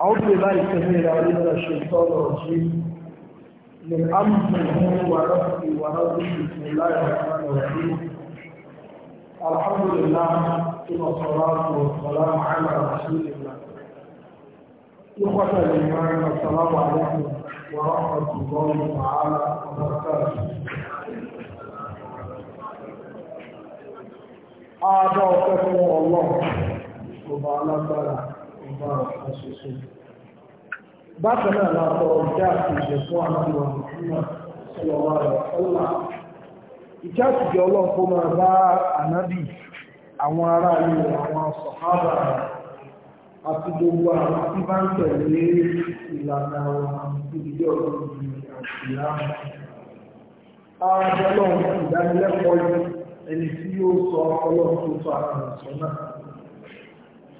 أعوذ بالله العليم من الشيطان الرجيم من أمره وربي وربي بسم الله الرحمن الرحيم الحمد لله ثم الصلاة والسلام على رسول الله إخوة الإيمان السلام عليكم ورحمة الله تعالى وبركاته أعطى الله سبحانه وتعالى ọba ọ̀kan ṣoṣo. Bákan náà la kọ ìjà àti ìjẹ̀ fún àwọn ìwà Mùsùlùmá sọ̀rọ̀ wa rẹ̀ ọ̀la. Ìjà àtijọ́ ọlọ́run kó máa bá ànábì àwọn ará ilé àwọn sọ̀hábà àti gbogbo àwọn tí bá ń tẹ̀lé ìlànà àwọn ìdílé ọ̀dọ́ ìlú àti ìlànà. Àwọn ọlọ́run ìdánilẹ́kọ̀ọ́ ẹni tí yóò sọ ọlọ́run tó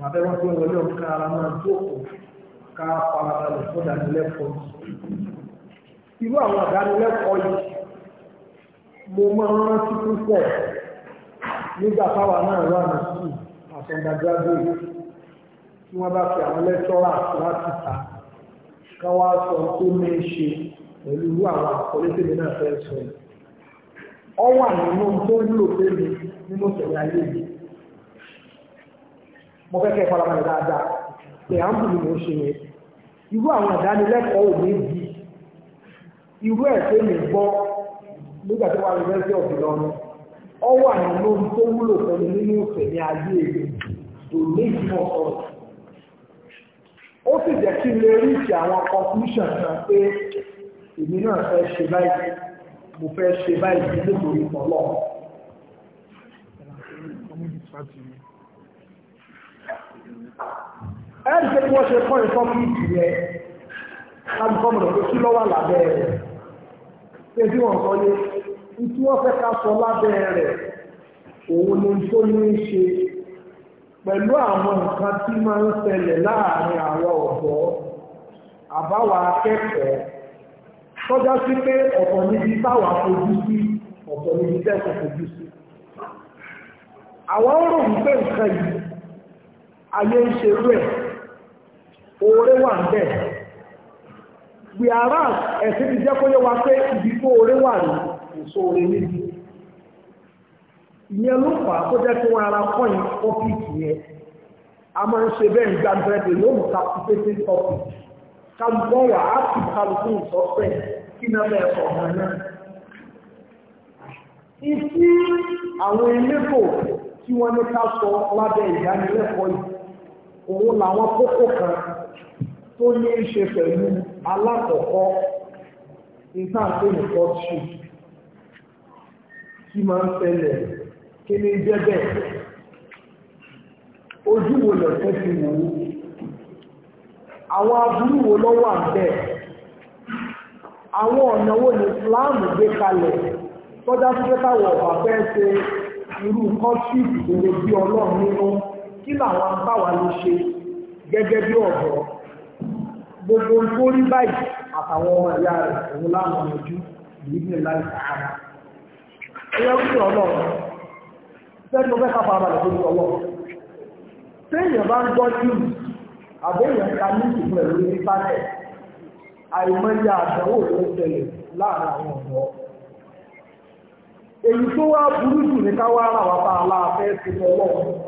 màbẹ́ wá sí wọlé ọ̀hún ká ara máa jókòó ká farabalẹ̀ fún ìdánilẹ́kọ̀ọ́. irú àwọn ìdánilẹ́kọ̀ọ́ yìí mo máa ń rántí púpọ̀ nígbà táwa náà wà ní sùn àtọ̀ǹdàgbàgbé tí wọ́n bá fi àwọn lẹ́tọ́rà láti ta ká wá sọ tó ní í ṣe pẹ̀lú irú àwọn àkọlé tèmi náà fẹ́ sọ ọ wà nínú tó ń lò pé mi nínú ìṣẹ̀lẹ̀ ayé yìí mo fẹ́ kẹ́ ìfarabalẹ̀ dáadáa pẹ̀hámbù ni mo ṣe yẹn irú àwọn ìdánilẹ́kọ̀ọ́ ò ní bí irú ẹ̀ tó lè gbọ́ nígbà tó wà ní university of Ìlọrin ọ wà nínú ohun tó wúlò fún mi nínú ìfẹ́ ní ayé èmi tó lè mọ̀ sọ̀rọ̀ ó sì jẹ́ kí n lè rí ìṣe àwọn conclusion kan pé èmi náà fẹ́ ṣe báyìí mo fẹ́ ṣe báyìí nítorí ọlọ́run ẹ̀rí pé kí wọ́n ṣe kọ́ ìtọ́ fún ìdí rẹ alùpùpù tó sí lọ́wọ́ lábẹ́ rẹ̀ pé bí wọ́n sọ yé tí wọ́n fẹ́ ká sọ lábẹ́ rẹ̀ òun ni tó ní í ṣe pẹ̀lú àwọn nǹkan tí máa ń ṣẹlẹ̀ láàrin àwọn ọ̀dọ́ àbáwa akẹ́kọ̀ọ́ tọ́já sí pé ọ̀pọ̀ níbi táwa fojú sí ọ̀pọ̀ níbi tẹ́sán fojú sí. àwọn rò wípé nǹkan yìí ayé ń ṣe rú ẹ̀ oore wà ń bẹ̀ we are as ẹ̀sìn ti jẹ́ kó yẹ wa pé ibi tó oore wà ní èso oore níbi ìyẹn ló fà á tó jẹ́ kí wọ́n ara kọ́yìn ọ́fíìsì yẹn a máa ń ṣe bẹ́ẹ̀ gba bẹ́ẹ̀dẹ̀ lóhùn kàpùpẹ́tẹ́ ọ́fíìsì kálukọ́ wà á sì kálukú ìsọ́fẹ́ kí náà bẹ́ẹ̀ sọ ọ̀gá náà. Ìtí àwọn elépo tí wọ́n ní ká sọ lábẹ́ ìdánilẹ́kọ̀ọ́ yìí òun làwọn kókó kan tó ní í ṣe pẹ̀lú alákọ̀ọ́kọ́ ìtàǹtò ìfọ́tù tí máa ń tẹ̀lẹ̀ kí ní jẹ́ bẹ́ẹ̀ ojú wo lẹ̀fẹ́ ti wò ó àwọn aburú wo ló wà níbẹ̀ àwọn ọ̀nà wo ni Islam gbé kalẹ̀ tọ́já sí pé táwọn ọ̀bà fẹ́ ṣe irú kọ́ńtì ìdòwò bí ọlọ́run nínú kí làwọn báwa ló ṣe gẹ́gẹ́ bí ọ̀dọ́ gbogbo tó rí báyìí àtàwọn ọmọ ìyá rẹ̀ òun láwọn ojú ìlú láì sàárà ẹ̀yẹ́ ń sọ̀rọ̀ lọ́wọ́ sẹ́ni ọbẹ̀ ká fara balẹ̀ lórí ọlọ́wọ́ téèyàn bá ń gbọ́ jùlù àbẹ̀yàn ká ní ìsìnkú lórí ìpánẹ̀ àìmọye àdánwò ló ṣẹlẹ̀ láàrin àwọn ọ̀dọ́ èyí tó wá burú jù ní ká ara wa bá aláàfẹ́ sí ọlọ́wọ́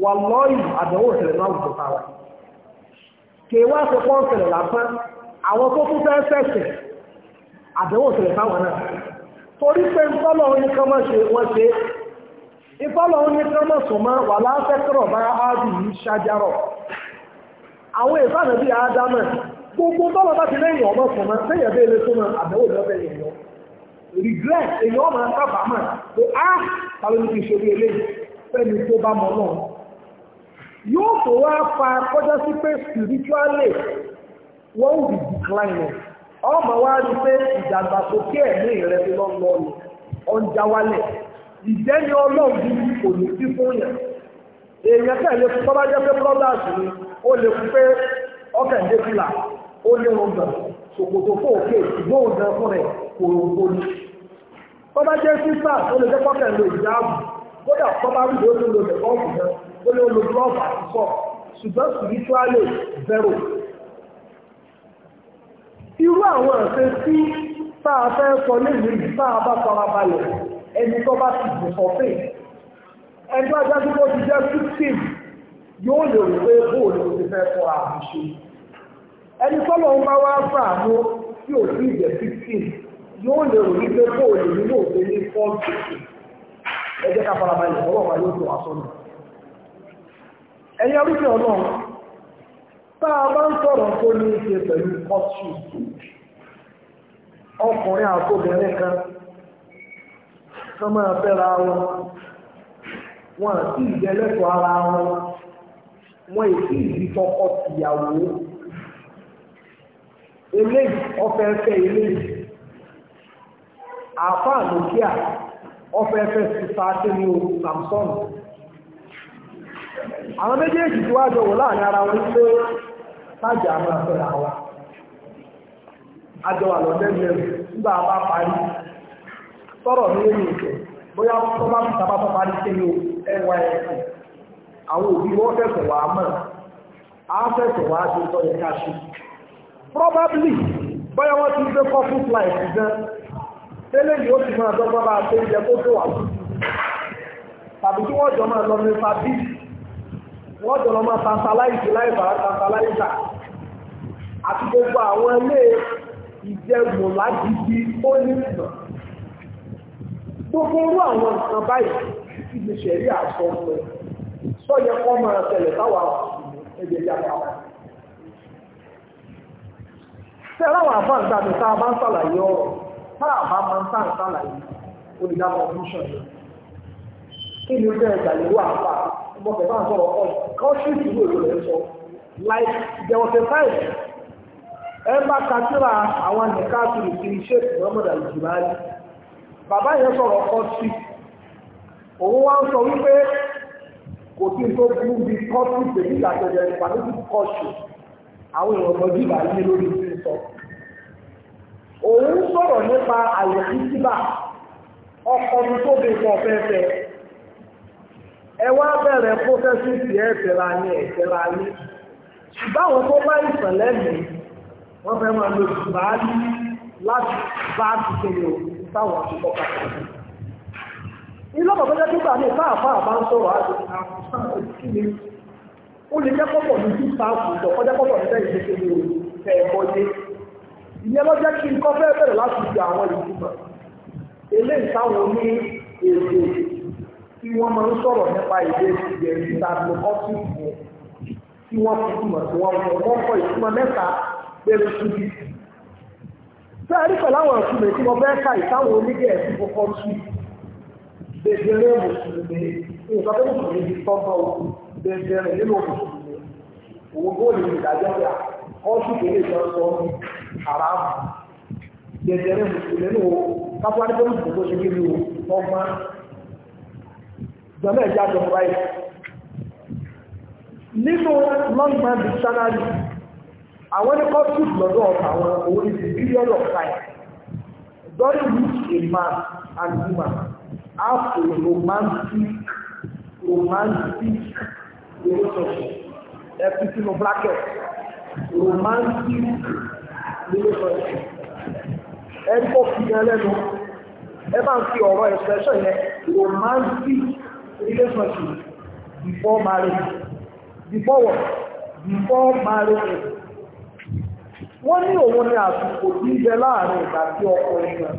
wà lọ́yìn àdánwò ìṣẹ̀lẹ̀ náà wùdó tàwa kèwà ṣe pọ́n ṣẹlẹ̀ lásán àwọn tó tún fẹ́ ṣẹ̀ṣẹ̀ àdánwò ìṣẹ̀lẹ̀ táwọn náà torí pé ntọ́lọ̀ ní ká má ṣe wọ́n ṣe ntọ́lọ̀ ní ká má sùn mọ́ wà láfẹ́kọ̀rọ̀ bá regret èyí ọmọ kábàámọ̀ pé á ah, tàbí ní kí eléyìí fẹ́ni tó bá mọ́ náà yóò tó wá fa kọjá sí pé spiritually wọ́n will decline ọmọ wa rí pé ìdàgbàsókè ẹ̀mí rẹ ti lọ lọ ni ọjà wálẹ̀ ìjẹ́ni ọlọ́ọ̀dún kò ní sí fún yàn èèyàn tẹ̀lé tọ́lá jẹ́ pé brothers ni ó lè fún pé ọkẹ̀ǹdé fìlà ó lé wọn gbà ṣòkòtò fún òkè ìgbóhùn gan fún rẹ̀ sísà ó lè jẹ́ ìjáàbù kódà náà bóyá lo glove àti bọ̀ ṣùgbọ́n spiritually zero. irú àwọn ẹ̀sẹ̀ tí tá a fẹ́ sọ léyìí tá a bá fara balẹ̀ ẹni tó bá ti dùn sọ́fẹ̀ ẹgbẹ́ adájú tó ti jẹ́ fifteen yóò lè rò pé bóòlù ti fẹ́ kọ́ àmúṣe ẹni tọ́lọ̀ ń bá wá fàánú tí ò sí ìjẹ́ fifteen yóò lè rò wípé bóòlù nínú òfin ní fọ́ọ̀tù ẹ̀jẹ̀ ká farabalẹ̀ ọlọ́pàá yóò tó wá sọ́nà ẹ̀yẹ oríṣi ọlọ́run tá a bá ń sọ̀rọ̀ tó ní í ṣe pẹ̀lú kọ́tù ọkùnrin àtòbìnrin kan tó máa fẹ́ra wọn wọn àti ìjẹ́lẹ́tọ̀ ara wọn wọn èsì ìdí tọkọ tìyàwó eléyìí ọfẹ́fẹ́ eléyìí àáfàá lókè à ọfẹ́fẹ́ sísá tó ní o Samson. àwọn méjèèjì tí wá jọ wò láàrin ara wọn pé májè àwọn àpẹẹrẹ àwọn àjọ àlọ́dẹ́gbẹ̀rẹ̀ nígbà bá parí sọ̀rọ̀ ní èyí ìkẹ́ bóyá tó bá fi sábà tó parí nysc àwọn òbí wọ́n fẹ̀sẹ̀ wà mọ̀ á ká ṣe probably bóyá wọ́n ti gbé flight gan tẹ́lẹ̀ wọ́n jọ lọ máa tantalize láì bàrá tantalizer àti gbogbo àwọn ilé ìjẹun lágídí ó ní ìmọ̀ gbogbo orú àwọn nǹkan báyìí ti lè ṣẹ̀rí àṣọ ọ̀pẹ sọ́yẹ kọ́ máa tẹ̀lẹ̀ táwa ẹgbẹ̀ yàrá wa tẹ́láwà bá ń dábì tá a bá ń sàlàyé ọ̀rọ̀ tá a bá máa ń tà ń sàlàyé olùdámọ̀ ọdún ṣọ̀yẹ́ kí ni ó bẹ̀rẹ̀ gbàlérò àpá mọ̀tẹ̀ bá ń sọ̀rọ̀ ọ̀pọ̀ kọ́ṣíìtì ló lè sọ like democratize ẹ bá kàtírà àwọn nìkan tó lè fi iṣẹ́ Muhammad al-Jibali bàbá yẹn sọ̀rọ̀ kọ́ṣí òun wá ń sọ wípé kò sí tó burú bí kọ́ṣí tèmi àtẹ̀jẹ̀ ìpàdé kọ́ṣí àwọn èèyàn ọmọdé ìbàdí lórí ti sọ òun sọ̀rọ̀ nípa àyẹ̀kí síbà ọkọ̀ mi tó bẹ̀ fọ́ fẹ́fẹ́ ẹ wá bẹ̀rẹ̀ pófẹ́sìtì ẹ̀ tẹ̀ra ní ẹ̀ tẹ̀ra ní báwọn tó bá ìsàn lẹ́nu wọ́n fẹ́ máa lo báàlì láti bá àtúnṣe táwọn àtúnkọ́ pàtàkì ilé ọ̀pọ̀ tó gbà ní fáàfáà bá ń sọ̀rọ̀ àti àkùsàn òkú ni ó lè jẹ́ pọ̀pọ̀ ní sí sáàkù ìjọ kọjá pọ̀pọ̀ ní sẹ́yìn ṣe ní ìfẹ́ ẹ̀kọ́ yé ìyẹn lọ́jọ́ kí n kọ́ fẹ́ bẹ̀rẹ̀ láti fi àwọn ìdìbò eléyìí táwọn ní èrè tí wọ́n máa ń sọ̀rọ̀ nípa ìdè ìgbẹ́ ìtàgbọ́ ọ́fíìsì tí wọ́n fi túmọ̀ tí wọ́n mọ̀ wọ́n kọ ìtumọ̀ mẹ́ta pẹ̀lú síbi. Sẹ́ẹ̀rí pẹ̀lú àwọn ìtumọ̀ tí wọ́n fẹ́ ka ìtàwọn onígẹ̀ẹ́sì kọ́kọ́ sí. Bèbèrè mùsùlùmí, nǹkan tó mùsùlùmí ti tọ́gbọ́ òkú, bèbèrè nínú mùsùlùmí. Òun bó lè ìdájọ́ yà, ọ́sùn kéré ìjọ sọ ní àràmù. Bèbèrè mùsùlùmí nínú kápá jọlẹ́ ìjà jọ báyìí nínú longman dictionary àwọn ní kọ́sùt lọ́dọ̀ àwọn òun ní period of time during which a man and woman have a romantic romantic relationship ẹ fi sínú bracket romantic relationship ẹ kọ́ fi yẹn lẹ́nu ẹ bá ń fi ọ̀rọ̀ expression yẹn romantic relationship before marriage. Before what? Before marriage. Wọ́n ní òun ni àsìkò tí ń jẹ láàrin ìgbà tí ọkọ ìkan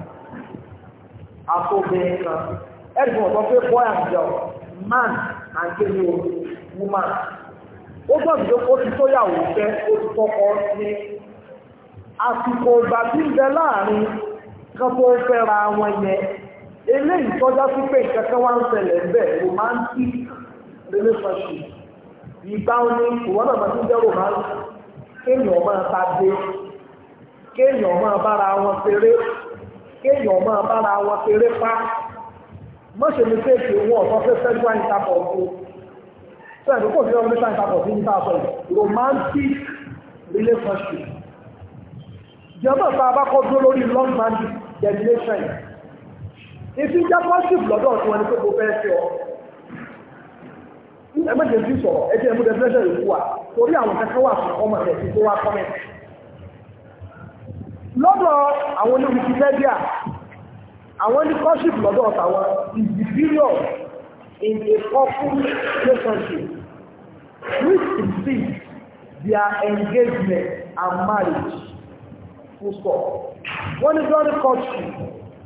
àtòbìnrin kan. Ẹ̀dùn ọ̀tọ́ pé boy and girl, man and girl, woman. Ó gbọ́dọ̀ pé ó ti tó yàwó jẹ́ ó ti tọ́kọ ní àsìkò ìgbà tí ń jẹ láàrin kan tó fẹ́ra wọn yẹn eléyìí tọ́já sí pé ìkẹ́kẹ́ wá ń ṣẹlẹ̀ ń bẹ̀ romantic relationship ìgbà oní ìwọ́n náà máa jẹ́ romantic kéèyàn máa ta dé kéèyàn máa bára wọn ṣeré kéèyàn máa bára wọn ṣeré pa mọ́ṣẹ́ mi tètè wọn ọ̀sán fẹ́ sexual intercourse o sẹ́yìn kò sí ọmọdé sáyẹn papọ̀ sí ní sáà sọ̀rọ̀ romantic relationship jẹ́mọ̀ tá a bá kọ́ dúró lórí long-term definition yìí èsì ń já pọ́sìtìfù lọ́dọ̀ tí wọ́n ní pé mo fẹ́ ṣe ọ ẹgbẹ́jẹ̀ sí sọ̀rọ̀ ẹjẹ́ ẹmú definition ìlú wa torí àwọn kẹkẹ wà fún ọmọ rẹ̀ tí tó wá kọ́mẹ̀ lọ́dọ̀ àwọn ní Wikipedia àwọn ní pọ́sìtìfù lọ́dọ̀ tàwọn individual in a couple relationship which exceeds their engagement and marriage full stop wọ́n ní joint courtship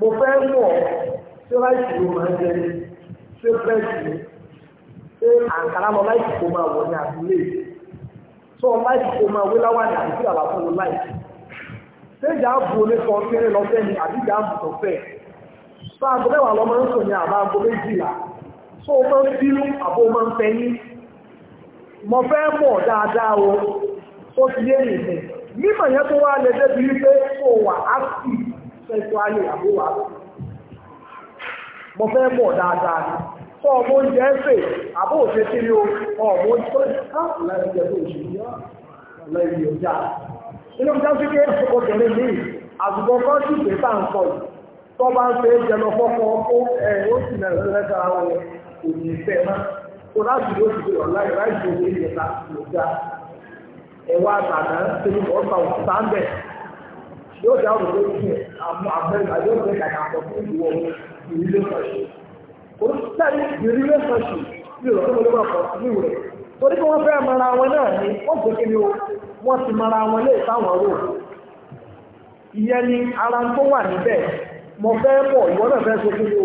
mo fẹ́ mọ̀ ṣé láìsí ló máa ń jẹ ṣé fẹ́ẹ̀sì ṣé àǹkárá lọ láìsí kó wọ̀ ní àdúlé láìsí kó máa wé láwà ní àdúgbò láìsí ṣé ìjà àbò sọ kéré lọ́fẹ́ ni àbí ìjà àbò sọ mẹ́wàá lọ máa ń sọ ní àbá méjìlá tó ń bínú ń fẹ́yìn mọ̀ dáadáa o tó ti yé nìyẹn mímọ̀ yẹn tó wá lè wípé á sẹ́ńtúálì àbúwà mo fẹ́ mọ̀ dáadáa fọ́ ọmọ oúnjẹ ẹ̀fẹ̀ àbó òṣè tí ni ọmọ oúnjẹ tó láìpẹ́ tó ṣe yá lẹ́yìn ọjà inú ìjà kò láti ló ti gbèrò láì láì tó ní ìyẹ̀ta ọjà ẹ̀wà àtàná tí ó ń bọ̀ yóò dá òwò lórí ẹ̀ àmọ́ àbẹ́rẹ́ àyọ̀ ọ̀gbẹ́ kàkà sọ fún ìwọ ìrírí lọ́sọ̀ọ̀ṣì. Òṣìṣẹ́ ìrírí lọ́sọ̀ọ̀ṣì ní ìrọ̀lẹ́ Torí wọ́n fẹ́ mara wọn náà ni wọ́n kí wọ́n ti mara wọn lè Ìyẹn ni ara tó wà ìwọ náà kí ni o.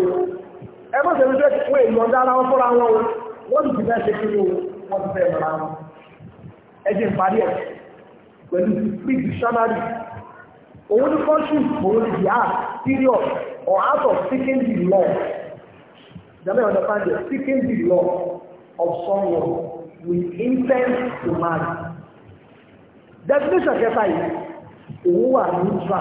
Ẹ wọn wọn mara wọn. Ẹ òun ní kọ́ńtù òun ní the art period or art of seeking the law jàmbá yóò understand the seeking the law of someone with intent to marry definition kẹta yìí òun wà ní tra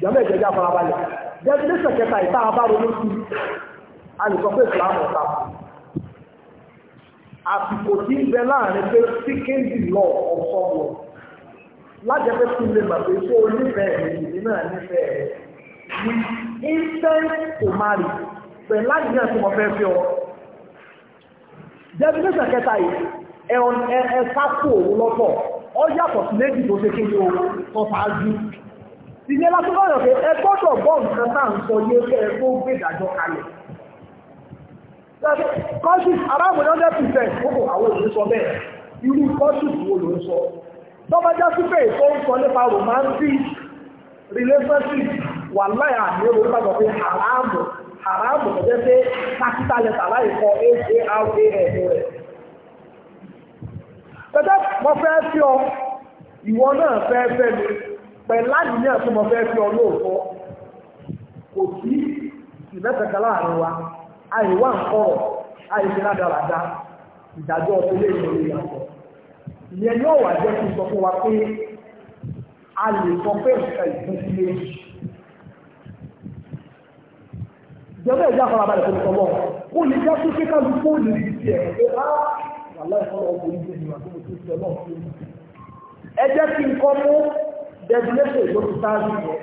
jàmbá ìjọba farabalẹ̀ definition kẹta yìí tá a bá ronú sí a lè sọ pé ìsìlámù ọ̀tá àsìkò tí ń bẹ láàrin pé seeking the law of someone lájẹpẹ́ tún lè mà pé ṣé o nífẹ̀ẹ́ rẹ̀ ìdí náà nífẹ̀ẹ́ rẹ̀ ní instant to marry pẹ̀lú àdìyàn tí mo fẹ́ fi ọ. definition kẹta yìí ẹ ẹ ẹ sápò òun lọ́tọ̀ ọ yàtọ̀ sí méjì tó ṣe kéde o tó ṣáájú. ìyẹn lásán lọ́yọ̀ pé ẹ gbọ́dọ̀ bọ́ nǹkan tá à ń sọ yé kẹ́ ẹ tó gbé ìdájọ́ kalẹ̀ kọ́sùs aráàmù ní ọjọ́ pìfẹ́ gbogbo àwọn òun sọ bẹ́ẹ̀ irú kọ́sùs wo ló ń sọ tọ́ba já sí pé ń romantic relationship wà láyà àmì ẹ̀rọ nípa pé haramu haramu kò jẹ́ pé capital letter láì kọ ọ ìwọ náà fẹ́ fẹ́ mi pẹ̀lá ní mo ọ lóòótọ́ kò sí ìmẹ́tẹ̀kẹ́ láàrin wa àìwá nǹkan àìsí ìdájọ́ tó lè ṣe ìyẹn yóò wà jẹ́ kí n sọ fún wa pé a lè sọ pé nǹkan ìpín sí méjì jẹ́bẹ́ ìjà farabalẹ̀ tó sọ lọ ó lè jẹ́ kí kíkà ló kó lè rí sí ẹ̀ pé á ah, wàhálà ìfọwọ́ ọkọ̀ orí bèèrè wà tó mo tún sọ náà fún mi ẹ jẹ́ kí n kọ́ mú dẹ́gbẹ́sẹ̀ ló ti sáájú yẹn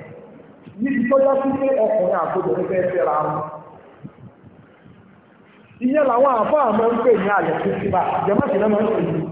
níbi tó já sí pé ọkùnrin àkójọ ní fẹ́ẹ́ fẹ́ra wọn ìyẹn làwọn àfáà máa ń pè ní àlẹ́ tó ti bá jẹ́mọ́sí náà máa ń pè ní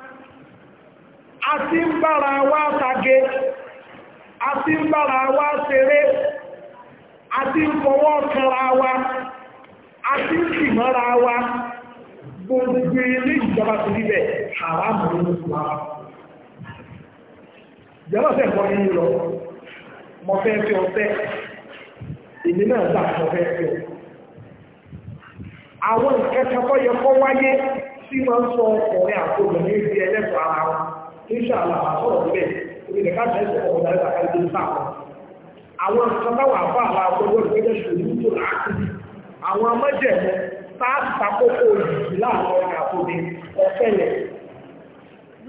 a ti ń bára wa tage a ti ń bára wa ṣeré a ti ń fọwọ́ kanra wa a ti ń sì mọ́ra wa gbogbo ilé ìjọba ti rí bẹ̀ haramu ní oṣù wa ìjọba fẹ́ kọ́ yín lọ mo fẹ́ fi ọ̀fẹ́ èmi náà gbà mo fẹ́ fi ọ̀ àwọn ìkẹ́kọ̀ọ́ yẹ kọ́ wáyé tí wọ́n sọ ọkùnrin àti obìnrin di ẹlẹ́tọ̀ ara wọn inṣàlá àtọ́rọ̀ níbẹ̀ orílẹ̀ káàkiri ẹ̀sẹ̀ ọ̀pọ̀ dáadáa káàkiri ní sáà àwọn àtàtàwà àfà àlà ọgbọ́gbọ́ ìgbẹ́jẹ́ ṣòlú tó láàkiri àwọn amájẹ̀mọ́ táàtì takókò ìjì láàrin ọ̀rẹ́ àtòdì ọ̀fẹ́lẹ̀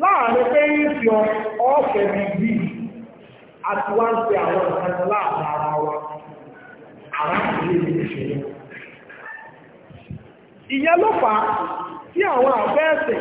láàrin pé ń fi ọ̀fẹ́ bí bí àti wá ń pe àwọn ìkànnì láàrin ara wa arákùnrin ní ìṣẹ̀lẹ̀ ìyẹn ló fà á tí àwọn àfẹ́ ẹ̀sẹ̀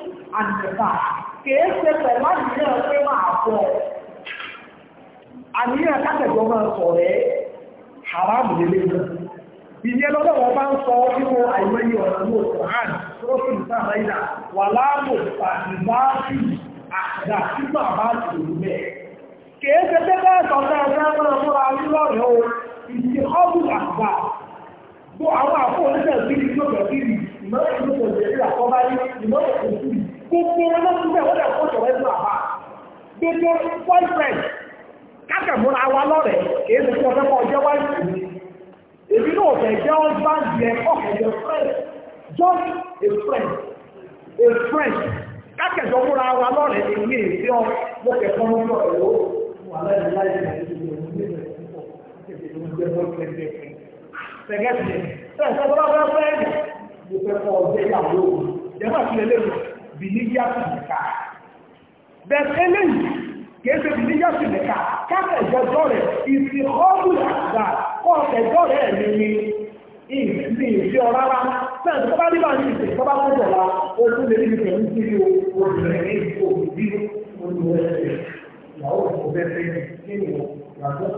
àdìsà kìí ṣe pẹ̀lú àníyàn pé máa fọ́ àníyàn kátẹ̀jọ́ máa sọ rẹ̀ haramu lè lè ìyẹ́ lọ́wọ́ wọn bá ń sọ nínú àìmọye ọ̀nà ní oṣù hàn tó sì ń sáà ìdá wà láàbò pàtìbáàtì àdá sígbà bá ti rú bẹ́ẹ̀ kìí ṣe pé bẹ́ẹ̀ sọ pé ẹgbẹ́ máa múra nílọ́rẹ̀ o ìdí ọ́bùn àgbà gbọ́ àwọn àpò oníṣẹ́ ìbílí tó bẹ̀rẹ̀ ìmọ̀ ìlú kò jẹ́ ìlàkọ́ báyìí ìmọ̀ gbogbo ọlọ́sùnbẹ̀ wọ́n dẹ̀ kó ṣọ̀rọ̀ ẹ̀dùn àbá gbogbo boyfriend kákẹ̀múra wa lọ́rẹ̀ kìí ṣe ọjọ́ ọjọ́ wáyé èmi náà fẹ́ jẹ́ husband yẹ ọ̀kẹ́jẹ́ friend just a friend a friend kákẹ̀jọ́ wa lọ́rẹ̀ èmi èsì ọ mo kẹ̀kọ́ ẹ̀rọ wà láyé bìníyàtì nìka bẹ̀rẹ̀ eléyìí kìí ṣe bìníyàtì nìka káfẹ́ ìjọjọ́ rẹ̀ ìsì ọ́dún àgbà kọ́ ẹ̀jọ́ rẹ̀ mi ni ìsì ìfẹ́ ọ̀rárá náà tó bá nígbà ní ìsì tó bá tó jọ̀la ó tún lè níbi pẹ̀lú sí ní obìnrin ní òbí olùwẹ̀sẹ̀ ìyàwó òbẹ̀fẹ̀ nínú ìyàwó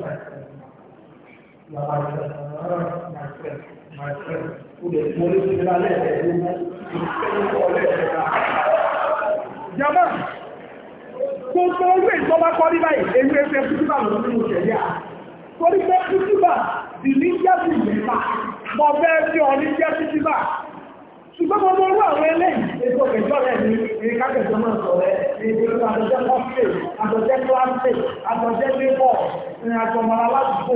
My friend, my friend, who dey follow me like that, Jọba, gbogbo owó ìjọba kọ́ ní báyìí, èyí ẹsẹ̀ pítíbà lọ nínú ìṣẹ̀lẹ̀ à. Torí pé pítíbà dì ní jẹ́bù mẹ́ta, mọ̀ bẹ́ẹ̀ tí ọ ní jẹ́ pítíbà. Ṣùgbọ́n gbogbo owó àwọn eléyìí, èso kẹjọ rẹ̀ ní ìkákẹ̀jọ máa sọ rẹ̀, ìgbèrú àjọjẹ́ kọ́fíè, àjọjẹ́ kíláàsì, àjọjẹ́ lébọ̀, ìrìn àjọmọ̀ra ládùúgbò,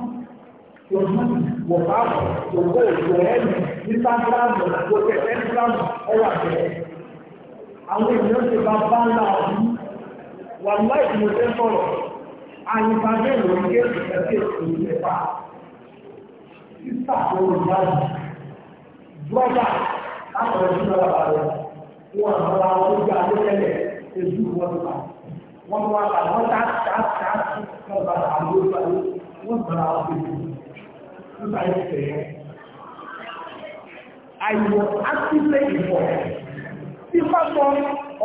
your money, your power, your gold, your health, this time your protect, any time, all are there. Àwọn ènìyàn ti bá bá ńlá ọdún, wà láì mo fẹ́ sọ̀rọ̀, àyípadé ìlú ní èsì ẹ̀sẹ̀ ìlú mẹ́fà. Sísà tó ń bá yìí, brọ́dà látọ̀rọ̀ sí lọ́wọ́ àbálẹ̀, wọn àbára wọn gbé adé tẹ́lẹ̀ èdú wọn ti bá. Wọ́n wá àwọn tá tá tá sí lọ́wọ́ àbálẹ̀ wọ́n bá àwọn èdè exercise there, I was actively involved. Tí pásọ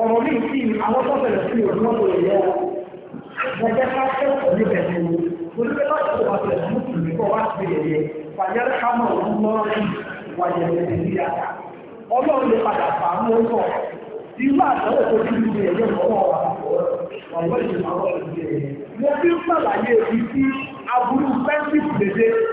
ọ̀rọ̀ ní ìsí àwọn tó bẹ̀rẹ̀ sí òun tó lè yẹ gẹ́gẹ́ bá kẹ́kọ̀ọ́ ní bẹ̀rẹ̀ ní oníbẹ̀ láti tó wà bẹ̀rẹ̀ mú sí ìgbọ́ wá sí ẹ̀yẹ fàyẹ́rẹ́ kámọ̀ òun lọ́rọ̀ wà yẹ̀rẹ̀ sí ìyá. Ọlọ́run lè padà fà á mú ọkọ̀. Irú àtọ́wọ̀ tó ti ní ẹ̀yẹ ìfọwọ́ wa ọ̀rọ̀ ìṣèlú àwọn ìṣèlú. Mo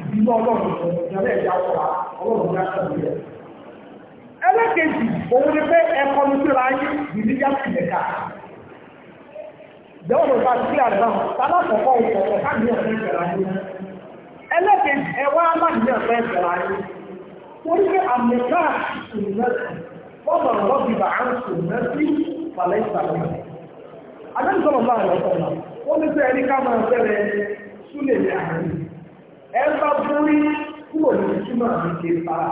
ìbínú ọlọ́run ìjọba ẹ̀já ọ̀rá ọlọ́run ní aṣọ́bí rẹ̀. ẹlẹ́kẹ̀jì òun ni pé ẹ̀kọ́ ní síra ayé ìdíjà sí ìdẹ̀ka ìjọba ọ̀rọ̀ bá ti kílà rẹ̀ náà sábà kọ̀kọ́ ọ̀fẹ́ ẹwà ní wọ́n ní pé ẹ kúrò ní ìtumọ̀ mi ti para.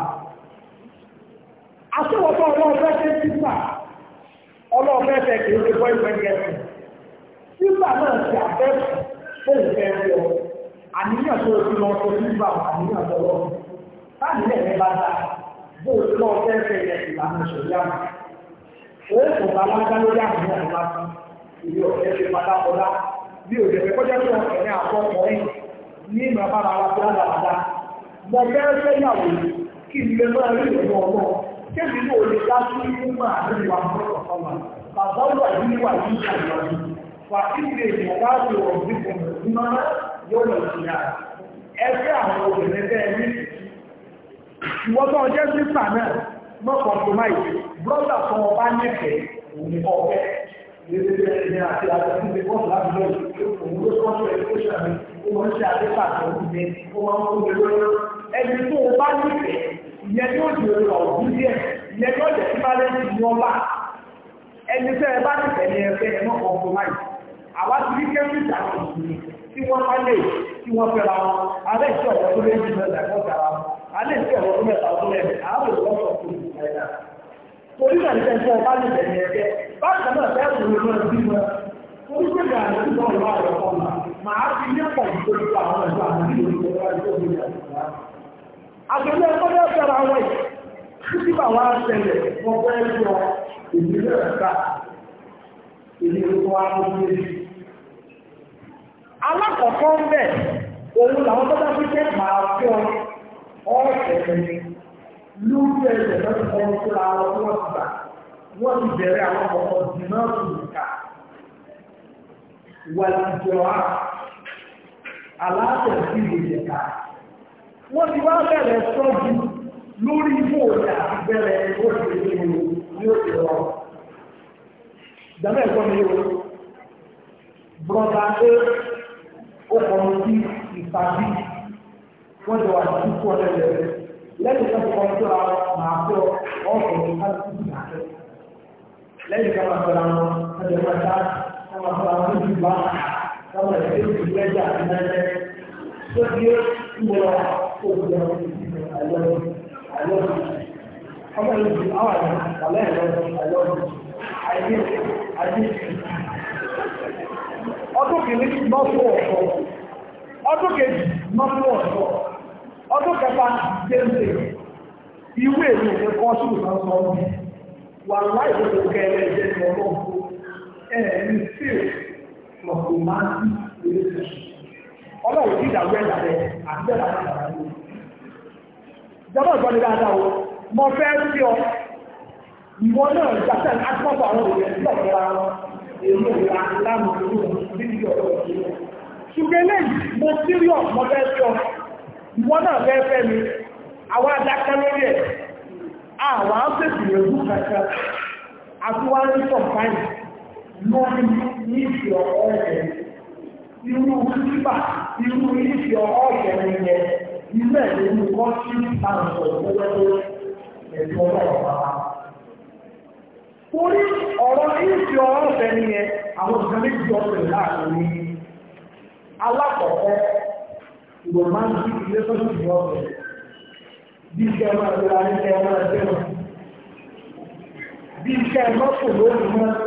Àṣewọ̀tọ̀ ọlọ́ọ̀fẹ́ ṣe sísà ọlọ́ọ̀fẹ́ ṣe kì ṣe bọ́ ìwé gẹ̀ẹ́sì. Sísà náà ti àfẹ́sù fún ìfẹ́ Àníyàn tó ti lọ sọ àníyàn tó lọ. lẹ̀ ní bó lọ yẹ ìlànà ìṣòyà Òun kò bá lágbá lórí àníyàn ìlànà ìlú ọ̀fẹ́ ṣe padà bí òjò ní ìgbàbára ara tó ládàbàdà mo fẹ́ fẹ́yàwó kí n lè máa rí ìrọ̀lọ́ ọmọ kébì ní òde dá sí nígbà àdúgbò àwọn ọ̀rọ̀ ọmọ bàbá wà ní wà ní ìṣàlọ́dún wà sí ilé ìjọba àti ọ̀rọ̀ bí kò mọ̀ sí máa yóò lọ sí ara ẹgbẹ́ àwọn obìnrin bẹ́ẹ̀ ní ìwọ́n tó ọjọ́ sísà náà mọ́ yẹn ó máa ń kóbi lóyún ẹni tó o bá nífẹ̀ẹ́ ìyẹn yóò di ọ̀rọ̀ ọ̀dún díẹ̀ ìyẹn yóò jẹ́ sípá lẹ́sìn ní ọba ẹni tẹ́ ẹ bá nífẹ̀ẹ́ ní ẹgbẹ́ ẹ náà kọ̀ọ̀kọ̀ láì àwa ti rí kẹ́rù ìdáhùn ìsinmi tí wọ́n bá lè tí wọ́n fẹ́ra wọn alẹ́ ìṣẹ́ ọ̀rọ̀ tó lé jùlọ ìdàgbọ́ta wọn alẹ́ ìṣẹ́ ọ̀rọ̀ tó mẹ́ta tó lẹ́nu àwọn ìwọ́sọ̀ tó màá fi ní pọ̀ nítorí àwọn ẹ̀dọ́ àwọn ìlú àgbẹ̀lẹ̀ ọgbọ́dọ̀ ṣẹ̀rọ àwọn ẹ̀ títí bà wá ṣẹlẹ̀ wọ́n fẹ́ lọ ìdílé ẹ̀ka ìdílé tó wá mú sí èyí. alákọ̀ọ́kọ́ ń bẹ̀ òun làwọn tó bá fi jẹ́ màá fi ọ ọ̀ọ́sẹ̀ lórí ẹ̀jẹ̀ lọ́sí ọmọ tó ra ọ wọ́n ti gbà wọ́n ti bẹ̀rẹ̀ àwọn ọmọ ọ̀dùnmọ́ ọ̀dùnmọ́ aláàtẹ̀ sí ìròyìn ẹ̀ka wọ́n ti wá bẹ̀rẹ̀ sọ́jú lórí bóòlù àti bẹ̀rẹ̀ ìwọ́sẹ̀ ní ó ti rọ ìdámẹ́ ẹ̀kọ́ mi ó brọ́dá pé ó kọ̀ọ̀ sí ìpàdé wọ́n jọ wà ní kú ọ̀rẹ́ rẹ̀ lẹ́yìn tó kọ́ sí ọ máa fẹ́ ọ̀rọ̀ ní káàkiri àti lẹ́yìn fẹ́ ra wọn ọjọ́ máa dá wọn máa fẹ́ ra wọn ní ìlú bá káwọn ẹgbẹ́ ìlú lẹ́jà lẹ́lẹ́ tó di ìmọ̀lá òkúta àlọ́dún àlọ́dún ọmọ ìlú àwọn àlọ́ àlọ́ àlọ́dún àyè àyè ọdún kìíní mọ́tò ọ̀tọ̀ ọdún kejì mọ́tò ọ̀tọ̀ ọdún kẹta déńdé ìwé ìlú ẹ̀kọ́ sí ìfọ̀sọ́ wà láì tó sí must Ọlọ́run ti Ìjọba ìgbọ́ni dáadáa o, fẹ́ sí ọ. Ìwọ náà gbàtẹ́ àtúntò àwọn òṣèré sí ọ̀gá Èmi ò ra láàmú ìlú níbi ọ̀rọ̀ òṣèré. Ṣùgbọ́n eléyìí, mo síríọ̀ mo fẹ́ sí ọ. Ìwọ náà fẹ́ fẹ́ mi. Àwọn lórí ẹ̀. Àwọn lórí nífi ọ̀pọ̀ ẹ̀yẹ irú kíkà irú nífi ọ̀pọ̀ ẹ̀yẹ yẹ ilé ẹ̀yẹ ní kọ́sí àǹtọ̀ lọ́wọ́ ẹ̀tọ́ ọ̀pá. Torí ọ̀rọ̀ nífi ọ̀pọ̀ ẹ̀yẹ yẹ àwọn ìkan méjì ọ̀pẹ̀ láàrin ní alákọ̀ọ́kọ́ romantic relationship ọ̀pẹ̀ bí iṣẹ́ máa ń lọ ayé ẹ̀rọ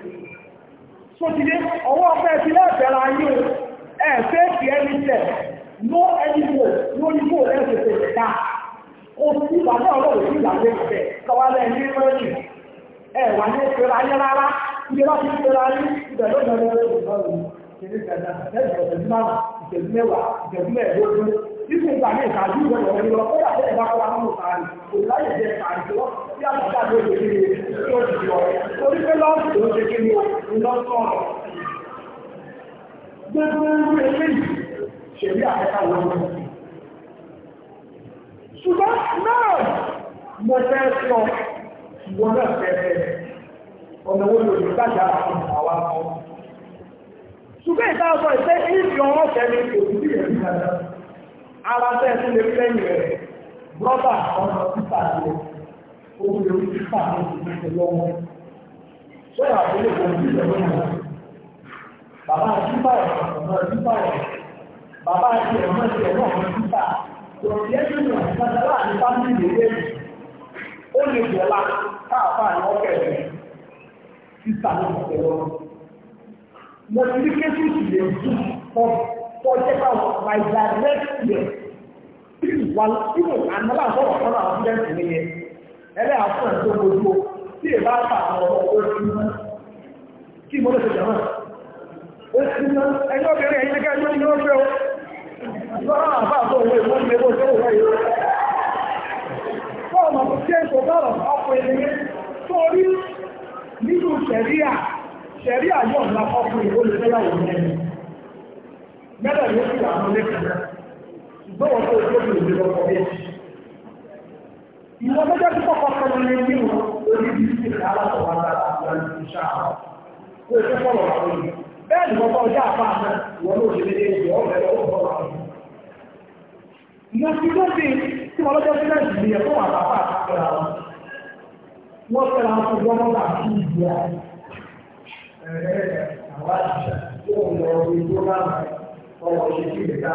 tó ọwọ́ ọ̀fẹ́ ti lẹ́ẹ̀fẹ́ra yí o ẹ̀ fẹ́ ẹni tẹ̀ ló ẹni wò lórí bò lẹ́sẹ̀ o ti ìgbàgbé ọlọ́run sí ìgbàgbé ìfẹ́ kọ́wá lẹ́yìn mẹ́rin ẹ̀ wà ní ìfẹ́ra títí ìgbà ní ìtàjú ìwọ̀n ìwọ̀n ìwọ̀n kódà tẹ́lẹ̀ bá kọ́ra nínú ìtàrí kò láyé jẹ́ ìtàrí tó bí àbújá ló ṣe kí ni tó ti yọ torí pé lọ́ọ̀sì ló ṣe kí ni iná sọ̀rọ̀ gbogbo irú eléyìí ṣèlú àkẹ́kà wọn ṣùgbọ́n náà mo fẹ́ sọ ìwọ náà fẹ́ ọ̀nà wo lòdì gbàjà àwọn àwa kan ṣùgbọ́n ìta ọ̀sọ̀ ara tẹ́ tí lè fẹ́yìn rẹ̀ brọ́dà ọmọ títà rẹ̀ owó lórí títà rẹ̀ ti lọ́wọ́ sọ́yà àbúrò kò ní ìjọba náà bàbá títà rẹ̀ ọmọ títà rẹ̀ bàbá àti ọmọ ti ọmọ ọmọ títà lọ́sí ẹ̀jú ní ọ̀sán láàrin fámìlì rẹ̀ ó lè bọ̀lá káàpá ní ọkẹ́ títà rẹ̀ ọ̀sẹ̀ lọ́wọ́ mo ti ní tún pọ̀ for checkout by direct year. While even another sort of other students in here, ẹlẹ́ àfún ẹ̀ tó gbogbo tí è bá ta àwọn ọmọ oṣù náà kí mo lè ṣe jẹ́ náà. Oṣù náà ẹni obìnrin ẹ̀yìn nígbà tó ní oṣù ó. Lọ́wọ́ àbá àbọ̀ òwe ìwọ́n ní ewé tó wọ̀ yìí. Fọ́ọ̀mù àti Jésù bọ̀rọ̀ ọkọ̀ ènìyàn torí nínú ṣẹ̀ríà ṣẹ̀ríà yóò ńlá ọkùnrin olùfẹ́yàwó mẹ́rin mẹ́ta yóò fi àwọn olókìlá ṣùgbọ́n wọ́n tó ojú òbí òbí lọ́pọ̀ bí ẹ̀ṣì. ìwọ mẹ́jọ tí kọ́kọ́ kọ́ni ní ní wọn orí bí sí aláṣọwọ́ alára àti ìṣá àwọn ó ṣe fọ́lọ̀ àwọn olùdí bẹ́ẹ̀ ni kọ́kọ́ ọjà àpá àná ìwọ ló ṣe déédéé ìwọ ọ̀rẹ́ ó fọ́lọ̀ àwọn olùdí. ìyọ̀sí tó ti tí wọ́n lọ́jọ́ sílẹ̀ ìdí ẹ̀ fún àwọn àpá àtàkùrà wọn wọ́n fẹ́ ra fún gbọ́dọ̀ àti ìdí ẹ̀ àwọn àṣìṣe tó ń lọ orí tó bá rẹ̀ ọkọ̀ ṣe sí ìgbà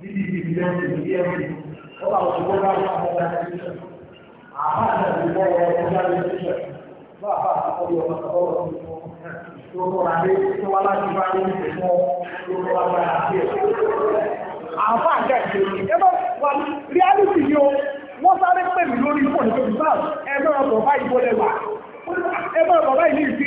níbi ìbí lẹ́sìn ní ẹ̀mí ọba òṣùpọ̀ bá wà fún ọba tẹlifíṣàn àbá àti àdìgbọ́ wọn ọba tẹlifíṣàn bá àbá àkọ́kọ́ bí ọba tọ́lọ́ wọn tó kọ́ tó wá láti bá ní ìfẹ́ mọ́ tó kọ́ wá gbára ẹ̀. àbá àti àdìgbọ́ ẹ bá wà ní reality ni o wọ́n sáré pè mí lórí fóònù ní ìfi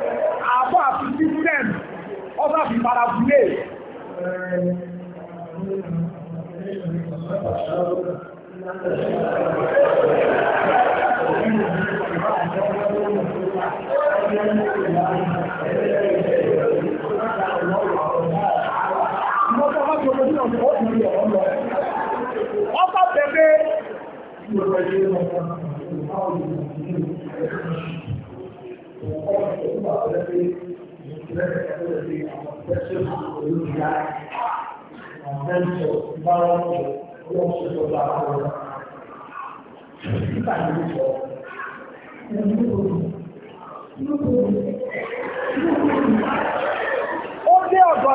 system ọ̀sán fi para Thank you. Ó dé ọ̀dọ̀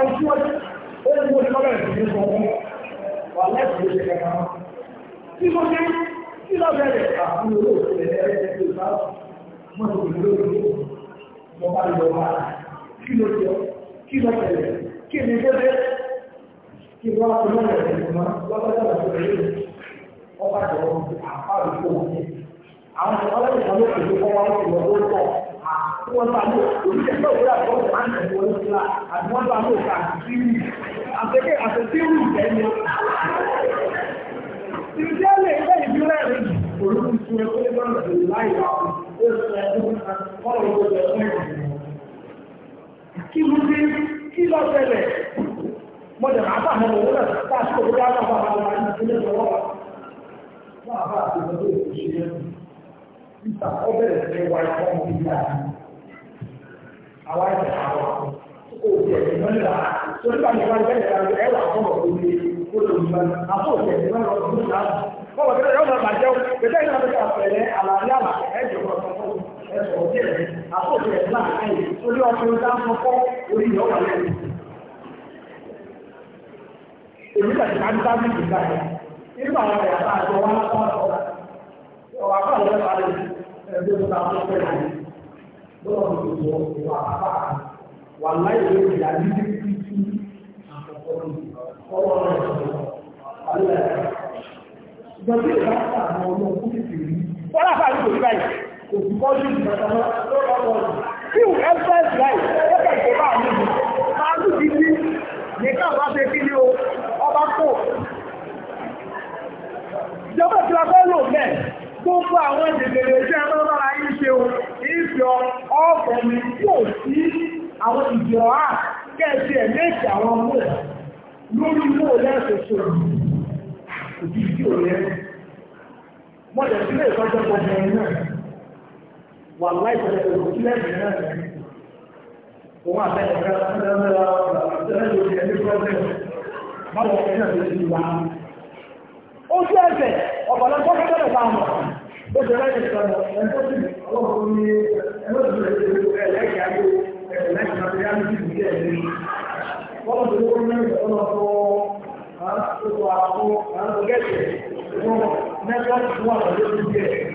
ìṣú ọdún, ó ní mo ṣọ́lẹ̀ ìṣú ọdún, wà lẹ́sùn ló ṣe kẹta. Tí mo ṣe, tí lọ bẹ̀rẹ̀ àkúrò lóòrùn ẹ̀rẹ́ ẹ̀rẹ́ ìṣú ọdún, mo ti lóòrùn, mo bá lọ bá rẹ̀ kí ló jọ kí ló tẹ̀lé kí ni bẹ́ẹ̀ kí wọ́n á tọ́lá rẹ̀ lọ́mọ lọ́gbàdá àti ìrìn ọba jọ àpáàlú kó wọn ní. àwọn ọlọ́dún kan ló pèsè fún wọn lọ́wọ́ lọ́wọ́ tọ̀ wọ́n bá lò oníṣẹ́ náà wúlò àgbọ̀ wọn á tẹ̀lé wọn lọ́wọ́ àti wọ́n kí ló dé kí lọ tẹ̀lẹ̀ mo máa bá àwọn ọmọ náà tá a ti bá bá àwọn ọmọ náà sílẹ̀ lọ́wọ́ wa. wọ́n á àti ìgbà tó ṣe yẹn níta ọ bẹ̀rẹ̀ sí wa ẹ̀kọ́ mi bí i àwa ẹ̀jẹ̀ àwọn kò jẹ̀ ìmọ̀lá torí bá mi wá ìbẹ̀rẹ̀ àti ẹ̀wà ọmọ òde kóló ìmọ̀lá àbọ̀ jẹ̀ ìmọ̀lá ọdún náà. wọ́n wọ̀ kí ló yọ̀ ọ́ àkóso ẹ̀ náà ẹ̀yìn orí ọkùnrin tá ń fọ́fọ́ orí ìyọ́ wà lẹ́yìn. Èmi kàtí ká ń dábì ìgbà yẹn. Nígbà wọn rẹ̀ àbá àjọ wọn lápá ọ̀rọ̀. Ọ̀rọ̀ Ìjọba kò o mọ́jú ìgbàgbọ́ lọ́wọ́ tí ò express life ẹgbẹ́ ìjọba mi máàlù gidi nìkan bá ṣe kí ni o ọba kò ìjọba tí wọ́n fẹ́ lò mẹ́ gbogbo àwọn ìdèdèrè iṣẹ́ ẹgbẹ́ bára yìí ṣe o ìfẹ́ ọ̀fẹ́ mi yóò sí àwọn ìjọ á kẹ́ẹ̀sì ẹ̀ méjì àwọn ọmọ rẹ̀ lórí o lẹ́ẹ̀ṣẹ̀ṣẹ̀ òbí tí ò lẹ́ẹ̀ mọ́jẹ̀ sílé ìtọ́jọ́ gbogbo ẹ̀ náà wà láìpẹ́ òkúlẹ̀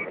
ìrìnà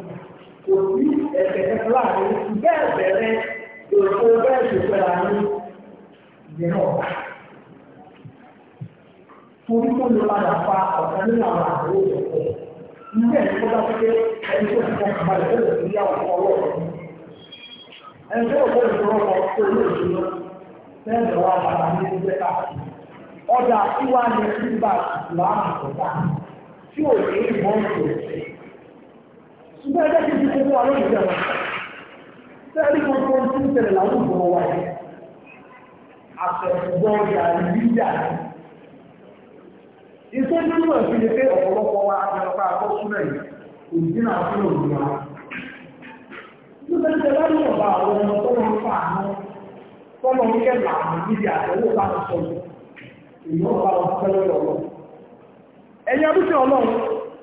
kò sí ẹ̀sẹ̀ kẹta láàrin bẹ́ẹ̀ bẹ̀rẹ̀ ìrọ̀pọ̀ bẹ́ẹ̀ ṣe pẹ̀lú àárín ìyẹn ọ̀gá. Torí tó lè padà fa ọ̀kan nínú àwọn àbúrò ìrọ̀pọ̀. Ilé ẹ̀ tó bá ti dé ẹni tó ti fọkàn balẹ̀ tó lè fi yá wọn kọ́ lọ́wọ́. Ẹni tó lè fi rọ́pọ̀ tó lè fi lọ. Bẹ́ẹ̀ wá bàbá ní ẹgbẹ́ káàkiri. Ọjà tí wàá ní ẹgbẹ́ bá láàmú ọ̀gá tí ò ní ìmọ̀ ìṣòro ṣùgbọ́n ẹgbẹ́ kejì gbogbo àwọn ìjọba sẹ́ẹ̀rí gbogbo tí ń tẹ̀lé láwùjọ wa yìí àfẹ̀sùgbọ́ ìyá ìlíjà iṣẹ́ nínú ẹ̀sìn ni pé ọ̀pọ̀lọpọ̀ wa yìí kò fún òun wa bá àwọn ọmọ tó níbi bá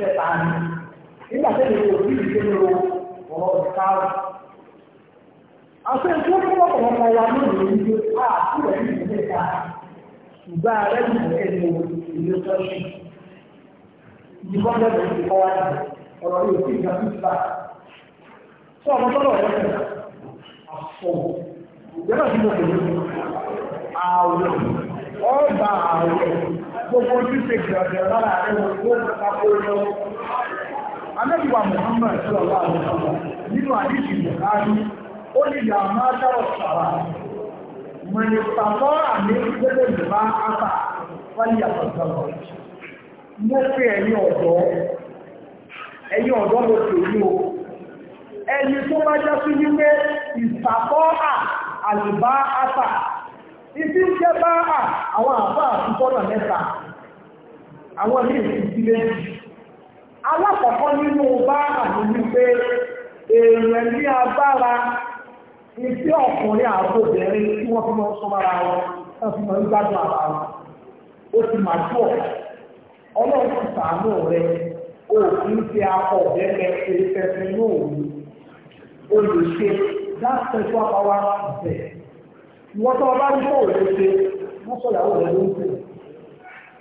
ṣẹ̀ta nígbà tẹ́lẹ̀ kò sí ìṣẹ́lẹ̀ ọ̀rọ̀ ìkáwọ̀. àṣẹ tó fún ọ̀pọ̀lọpọ̀ wa lónìí ní pé a kúrò ní ìṣẹ̀lẹ̀ ká ṣùgbọ́n ààrẹ ìlú ẹni ìlú sọ́ọ̀ṣì ìbọn lẹ́bẹ̀ẹ́ ti kọ́ wáyé ọ̀rọ̀ yóò fi ìgbà gbogbo ojúṣe gbẹ̀rẹ̀ lára ẹwọ tó pàtàkó lọ. Anẹ́bíwà Muhammad sọ́lọ́lá àwọn nínú àdíṣì Buhari, ó ní ìyá máa dárọ̀ sàrà. Mọ̀nìpàtọ́ àmì gbẹ́gbẹ́ ìjọba ápà fáyà pàtàkó. Mo fi ẹ̀yin ọ̀dọ́, ẹ̀yin ọ̀dọ́ mo fi òní o. Ẹni tó bá já sí wípé ìsàkọ́ à àlùbá ápà ìsí ń jẹ́ bá à àwọn àbá àtúbọ̀nà mẹ́ta àwọn ní èsì alákọ̀ọ́kọ́ nínú bá àmì wípé èèyàn ní agbára ìsí ọkùnrin àbòbìnrin tí wọ́n fi máa ń wọn wọ́n fi máa ń gbádùn ara wọn ó ti máa tó ọlọ́run ti sàánú rẹ òkú ti akọ ní ìwọ́n tó ọba ní kòwò lè ṣe wọ́n sọ ìyàwó rẹ̀ ló ń sìn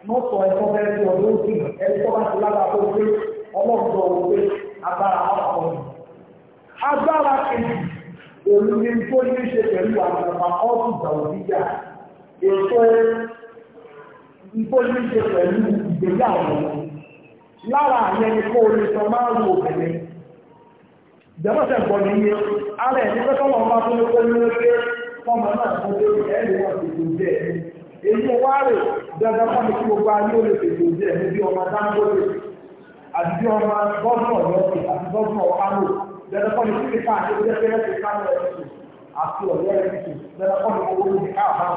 wọ́n sọ ẹ̀kọ́ bẹ́ẹ̀ tí wọ́n ló ń sìn ẹni tó bá ti lára tó gbé ọlọ́ọ̀dọ́ ò gbé agbára ọkọ̀ mi. agbára kejì òun ni tó ní ṣe pẹ̀lú àwọn àkọ́ọ̀tù ìgbàlódíjà tó ní ṣe pẹ̀lú o lè sọ máa fọ́mọ náà fún bébì ẹ̀rì wọn tètè jẹ́ ẹ̀mí èyí wá rè dandan fún mi kí gbogbo ayé ó lè tètè jẹ́ ẹ̀mí bí ọmọ Dangote àti bí ọmọ gọ́ọ̀nù ọ̀yọ́sì àti gọ́ọ̀nù ọ̀kánò dandan fún mi kí nípa àti ọjọ́ pẹ́rẹ́ ti kánò ẹ̀sìn àti ọ̀yọ́ ẹ̀sìn dandan fún mi owó ní káàbá.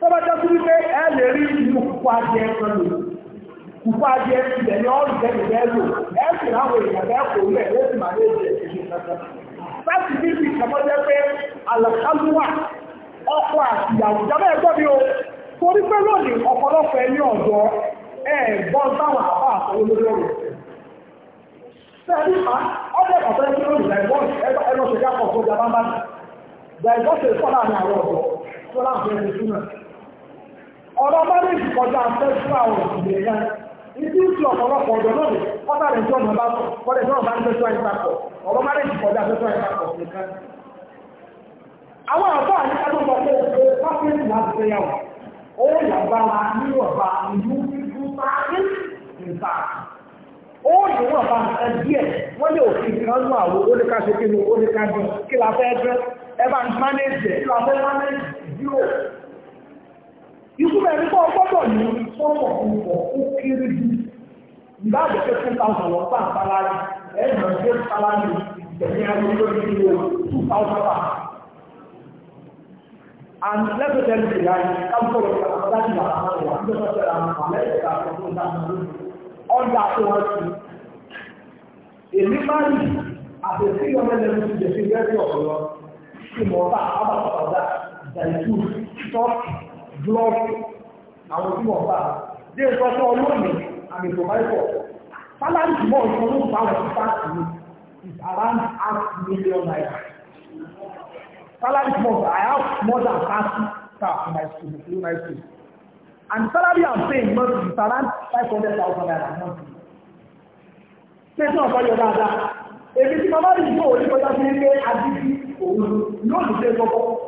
tọ́bajọ́ sí wípé ẹ lè rí inú kúkú ajé ẹ̀sán lò kúkú ajé ẹ̀sìn lẹ̀ ọ̀rùn tẹ́lẹ̀ bẹ́ẹ̀ lò ẹ̀sìn láti bí ti kàmọ́ jẹ́ pé àlàkálùwà ọkọ̀ àti ìyàwó jábẹ́ ẹ̀gbọ́n mi o torí pé lónìí ọ̀pọ̀lọpọ̀ ẹni ọ̀dọ́ ẹ̀gbọ́n táwọn àbá àtọwọ́ lórí ọ̀rọ̀ sẹ́ẹ̀rí ma ọdẹ ọ̀tọ́ ẹni lórí ẹ̀gbọ́n ẹ̀rọ ṣẹ̀dá kan tó jaba bá dà ẹ̀gbọ́n ṣe fọ́ láàrin àwọn ọ̀dọ́ tó láàbẹ̀ ẹni túnà ọ̀rọ̀ mẹ́rin kọjá fẹ́ fún àwọn òṣìṣẹ́ náà ìdí ìṣù ọ̀pọ̀lọpọ̀ ọ̀dọ̀ náà ni ọ̀tá rẹ̀ tí ọ̀nà bá pọ̀ kọ́lẹ̀ tí bá ń tẹ́tọ́ àìsàkọ̀ ọ̀rọ̀ má rèjì kọjá tẹ́tọ́ àìsàkọ̀ nìkan. àwọn àbá ní o láti fẹ́ ó yà bá wa ìlú fífún ìtumọ̀ ẹni tó gbọ́dọ̀ ní sọ́wọ́ ọ̀pọ̀ ó kéré jù ìbá àjẹsẹ́ ten thousand lọ bá àbáláyé ẹ̀rọ ẹgbẹ́ sáláyé ìgbẹ̀yìn ẹgbẹ́ lórí ìlú two thousand bá. and lẹ́gbẹ̀ẹ́ tẹ́lẹ̀ ti láyé káàkiri ọ̀gá ọ̀gá ìlà àwọn ọ̀gá ìjọba tẹ̀lé àwọn àlẹ́ mmiri tó wọ́n ti. èmi máa ń àtẹ̀sí ọmọ ẹlẹ́nu ti blọọkì àwọn tí wọ́n bá dé ìtọ́jú olóòmì àmì ìfòmáìfọ̀ sálárì tí wọ́n sọ ló bá wọn bá sí is around half million naira salary month I have more than thirty staff in my school in my school and salary I'm paying monthly is around five hundred thousand naira monthly tẹsán ọ̀sọ́yọ̀ dáadáa èmi tí mama rí ìfowópamọ́ sí pé adidi òun yóò lè ṣe gbọ́gbọ́.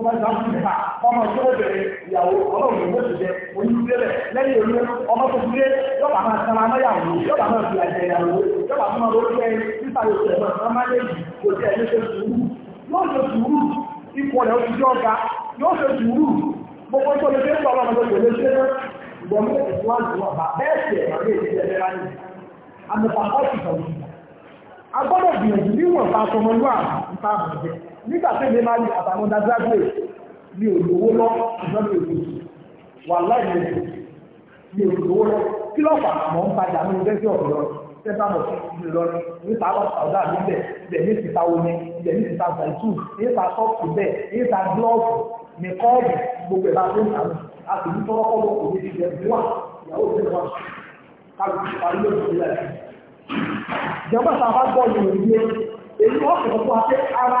tó bá jáwé nípa ọmọ tó bẹ̀rẹ̀ ìyàwó ọlọ́run ló ti jẹ onídìrẹ́lẹ̀ lẹ́yìn onílẹ̀ ọmọ tó fi dé yọba máa sanra amáyàwó yọba máa fi àjẹ ìyàwó yọba tó máa lórí ẹ nípa yóò tẹ̀ náà máa lè yìí kò tẹ̀ ẹ̀ ṣe sùúrù yóò ṣe sùúrù ipò rẹ̀ ó ti yóò ṣe sùúrù gbogbo tó lè dé ọlọ́run tó lè ṣe ìgbọ̀nmọ́ ìwádìí ẹ̀ nígbà tí èmi máa ní àtàwọn undergraduate mi ò lówó lọ ṣùgbọ́n mi ò lò wà láì lè mi ò lówó lọ kí lọ́ọ̀fà mọ̀ ń padà ní ilé ẹjọ́ ọ̀dọ́ sẹ́ńtà mọ̀ sí ìlú Ìlọrin níta ọ̀dà mi ibẹ̀ ní títa omi ibẹ̀ ní títa zaitu níta sọ́ọ̀tù bẹ̀ níta glọ́ọ̀fù ní kọ́ọ̀bù gbogbo ẹ̀ bá tó ń tà mí a sì ní tọ́lọ́kọ́ lọ kò ní ti jẹ ìwà ìyàwó mi wà kálukú parí lóṣù nílẹ̀. ìjọba sábà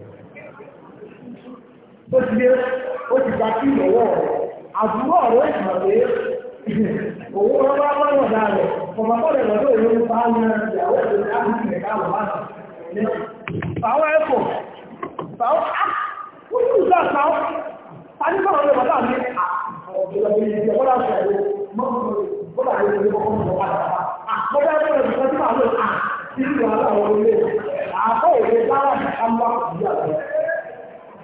ó ti dé ó ti gba kí ìlọ́wọ́ rẹ̀ àbúrò ọ̀rọ̀ ìmọ̀ pé òun wọn bá wọn wọ̀ dáa rẹ̀ ọmọ bọ́ọ̀lù lọ́dọ̀ òun bá ń yan ìyàwó ìlú láti rẹ̀ káàbọ̀ máa nà fàwọn ẹ̀fọ́ fàwọn á wọ́n ti gbà fàwọn fanífọ̀n ọ̀rọ̀ bàbá mi ọ̀gbọ̀n bọ́lá ìlú kọ́kọ́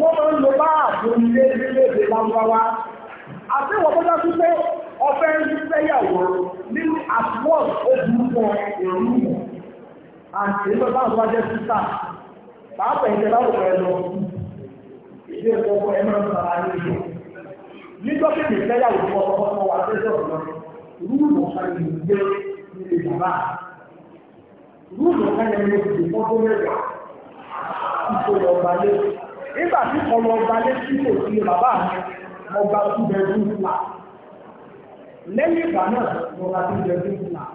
wọ́n máa ń lo bá àdúrílé nílé-èdè lágbáwá àti wọ́n tó dájú pé ọfẹ́ ń fẹ́yàwó nínú àtúwọ̀n ojúmọ́ ìrú àti ìgbà bá wọ́n jẹ́ títà pàápàá ìjẹ́ láwọ̀ pẹ̀lú ilé ìfọwọ́ ẹ̀ máa ń sara ní ìlú nígbà tí mi fẹ́yàwó fún ọkọ̀ ọkọ̀ wà tẹ́jọ́ ọ̀nà rúùlù ọ̀kan yìí gbé nílé bàbá rúùlù ọ̀kan yẹn ló ti fọ́tò mẹ́wàá ìṣòro ọ̀gbà lẹ́yìn nígbà tí mo lọ gba létí kò sí bàbá mi mo gba two bedroom flat lẹ́yìn ìgbà náà mo gba two bedroom flat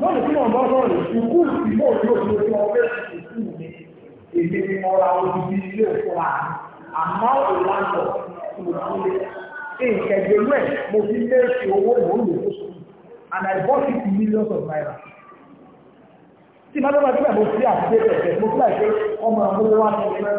lọ́nà tí mo ń bọ́ sọ̀rọ̀ ìsìnkú tí mo yóò fi ojú ọgbẹ́ ìsìnkú mi èmi ni mo ra odidi ilé òfúra àmọ́ ìlànà tí mo ti lé ìkẹ̀gbẹ̀rú ẹ̀ mo fi lé ṣe owó mò ń lò ó sùn and I bought it in millions of naira tí màá dọ́gba síbẹ̀ mo fi àti débẹ̀ bẹ̀ mo fi àti ọmọ àwọn wa ti rẹ̀.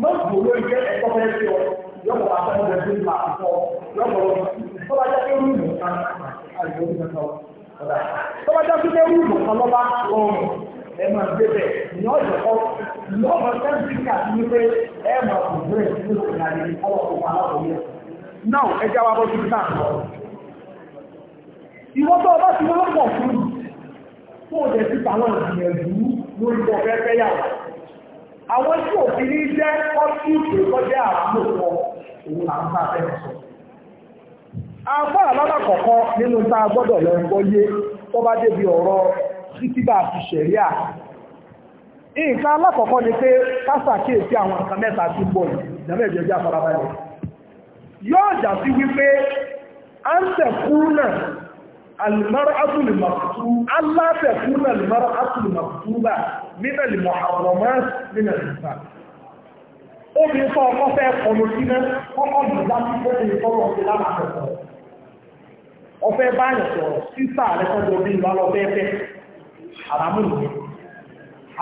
mọ́tò ló jẹ́ ẹ̀kọ́ fẹ́ sí ọ yọ̀bọ̀ bá fẹ́ lọ́dẹ àkọ́ yọ̀bọ̀ tọ́ba jẹ́ pé rúùmù kan àìsàn òbí kan ọ̀dà tọ́ba jẹ́ pé rúùmù kan lọ́ba rọrùn ẹ máa gbé ní ọ̀dọ̀ kọ́ lọ́mọ sẹ́ńtì kà sí wípé ẹ máa kò bẹ̀rẹ̀ nínú ìlànà ìfọwọ́ kò pa aláwọ̀ yẹ. náà ẹ já wa bọ́ sí náà lọ. ìwọ́n tó o bá ti wọ́n pọ̀ fún un fún òjẹ̀ sí tàwọn ìgbìyànjú lórí ọ̀fẹ́ fẹ́yàwó àwọn tí òfin ní jẹ́ ọtí ìpè kọjá àmúkọ òun là ń bá bẹ́ẹ̀ sọ. afárá lọ́nà kọ̀ọ̀kan nínú tá a gbọ́dọ̀ lọ ń gbọ́yé tó bá débi ọ̀rọ̀ títí bá a ti ṣẹ̀ríà. nǹkan alákọ̀ọ́kọ́ ni pé kásàkíyèsí àwọn nǹkan mẹ́ta tí ń bọ̀ yìí yóò jà sí wípé ń nínà lè mọ̀ àwọ̀mọ́ nínà lè sà. ó fi sọ ọkọ fẹ́ ọmọ sí náà kọ́kọ́ lù láti fẹ́ lè sọ̀rọ̀ sí lára àkọ́kọ́. ọfẹ́ báyọ̀ sọ̀rọ̀ sísà rẹ̀ sọ́jọ́ bí ìlú alọ́fẹ́ fẹ́ àràmù nìyẹn.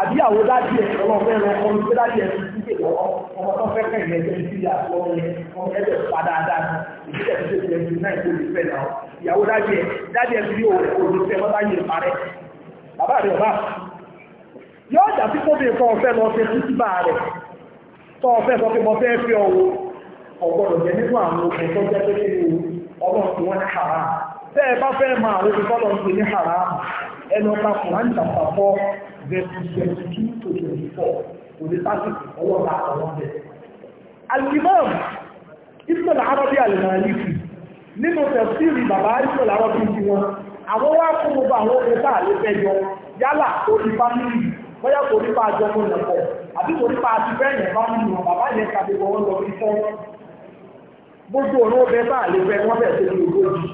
àbíyàwó dájú ẹ̀ ọlọ́fẹ́ rẹ̀ ọmọ sí dájú ẹ̀ ti dúkè lọ́wọ́ ọmọ tó fẹ́ kẹ́yìn ẹgbẹ́ sí ìyàwó yẹn ọmọ ẹgbẹ́ padà dáadáa ìdílé tó ṣe ẹgbẹ́ náà kó lè fẹ́ náà ìyàwó dájú ẹ̀ dájú ẹ̀ fi rí òòrùn òòrùn fẹ́ mọ́tá yìí parẹ́ bàbá rẹ̀ ọba yóò jà sí kó bèèrè kan ọ̀fẹ́ lọ fẹ́ títí bá rẹ̀ tó ọ̀fẹ́ sọ pé mo fẹ́ fi ọwọ́ ọ̀gbọ́dọ̀ jẹ́ nínú àwọn ogun tó jẹ́ pé nínú ọlọ́run tí wọ́n ní haram tẹ́ ẹ bá fẹ́ máa àwọn ogun tọ́lọ́ ti ní haram ẹnu ọba Quran chapter four verse twenty two to twenty four òní sásìkò ọwọ́ bá àwọn ọ̀bẹ. alimam ibùdó làárọ̀ bí alimami fi nínú tẹ̀síìrì bàbá ibùdó làárọ̀ bí tiwọn àwọn wá fún gbogbo àwọn ogun tá à bóyá kò nípa àjọpọ̀ yẹn pọ̀ àbí kò nípa àti bẹ́ẹ̀ yẹn bá nínú bàbá yẹn tàbí wọ́n lọ sí fọ́ gbogbo òun ọbẹ̀ bá lè fẹ́ wọ́n bẹ̀ sí ogójì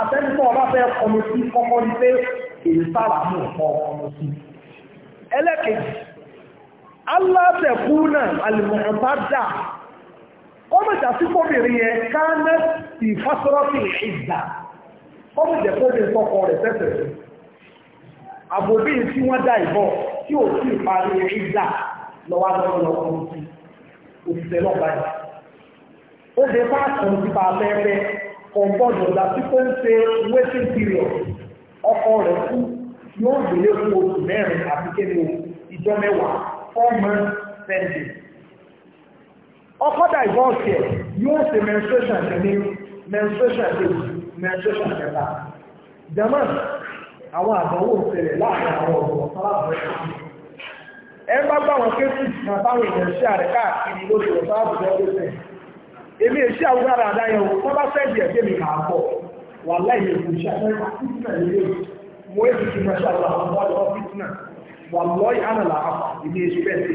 àtẹnukọ́ ọba fẹ́ kọmi sí kọ́kọ́ ní pé èyí sára mú ọkọ̀ ọmọ sí ẹlẹ́kejì aláṣẹ̀kú náà alìmọ̀ọ́bádà kọ́mọ̀jà sí kóbìnrin yẹn káánẹ́ sí fásọ́rọ́fì ìgbà kọ́mọ̀jà kóbìnrin tọkọ rẹ̀ tẹ́tẹ̀ẹ́ àbòbí tí wọ́n dá ìbọ̀ tí ò sí ìparí ìdá lọ́wọ́ lọ́wọ́ lọ́wọ́ sí òṣìṣẹ́ náà báyìí. ó lè bá àtàn sípa abẹ́rẹ́ kọ̀ǹbọ̀dọ̀ láti kó ń ṣe waiting period ọkọ rẹ̀ kú yóò gbélé fún oṣù mẹ́rin àti kéde ìjọ mẹ́wàá four months pending. ọkọ dá ìbọ̀ ọ̀sẹ̀ yóò ṣe menstruation ní menstruation day menstruation kẹta. jama àwọn àdánwò ìṣẹ̀lẹ̀ láàrin àwọn ọ̀dọ́ sálábùrẹ́ ẹ bá gbà wọn kéésì máa báwọn èèyàn ṣe àrẹ káàkiri lórí ọ̀sán àbùdá ọ̀sẹ̀ èmi èṣì o tó bá fẹ́ẹ̀dì ẹ̀gbẹ́ mi máa bọ̀ wà láyé ìṣẹ́ fítínà ilé é ti túnmọ̀ ṣe àwọn àwọn ọ̀dọ́ fítínà wà lọ́yì ánàlà àpà èmi èṣì bẹ́ẹ̀ sí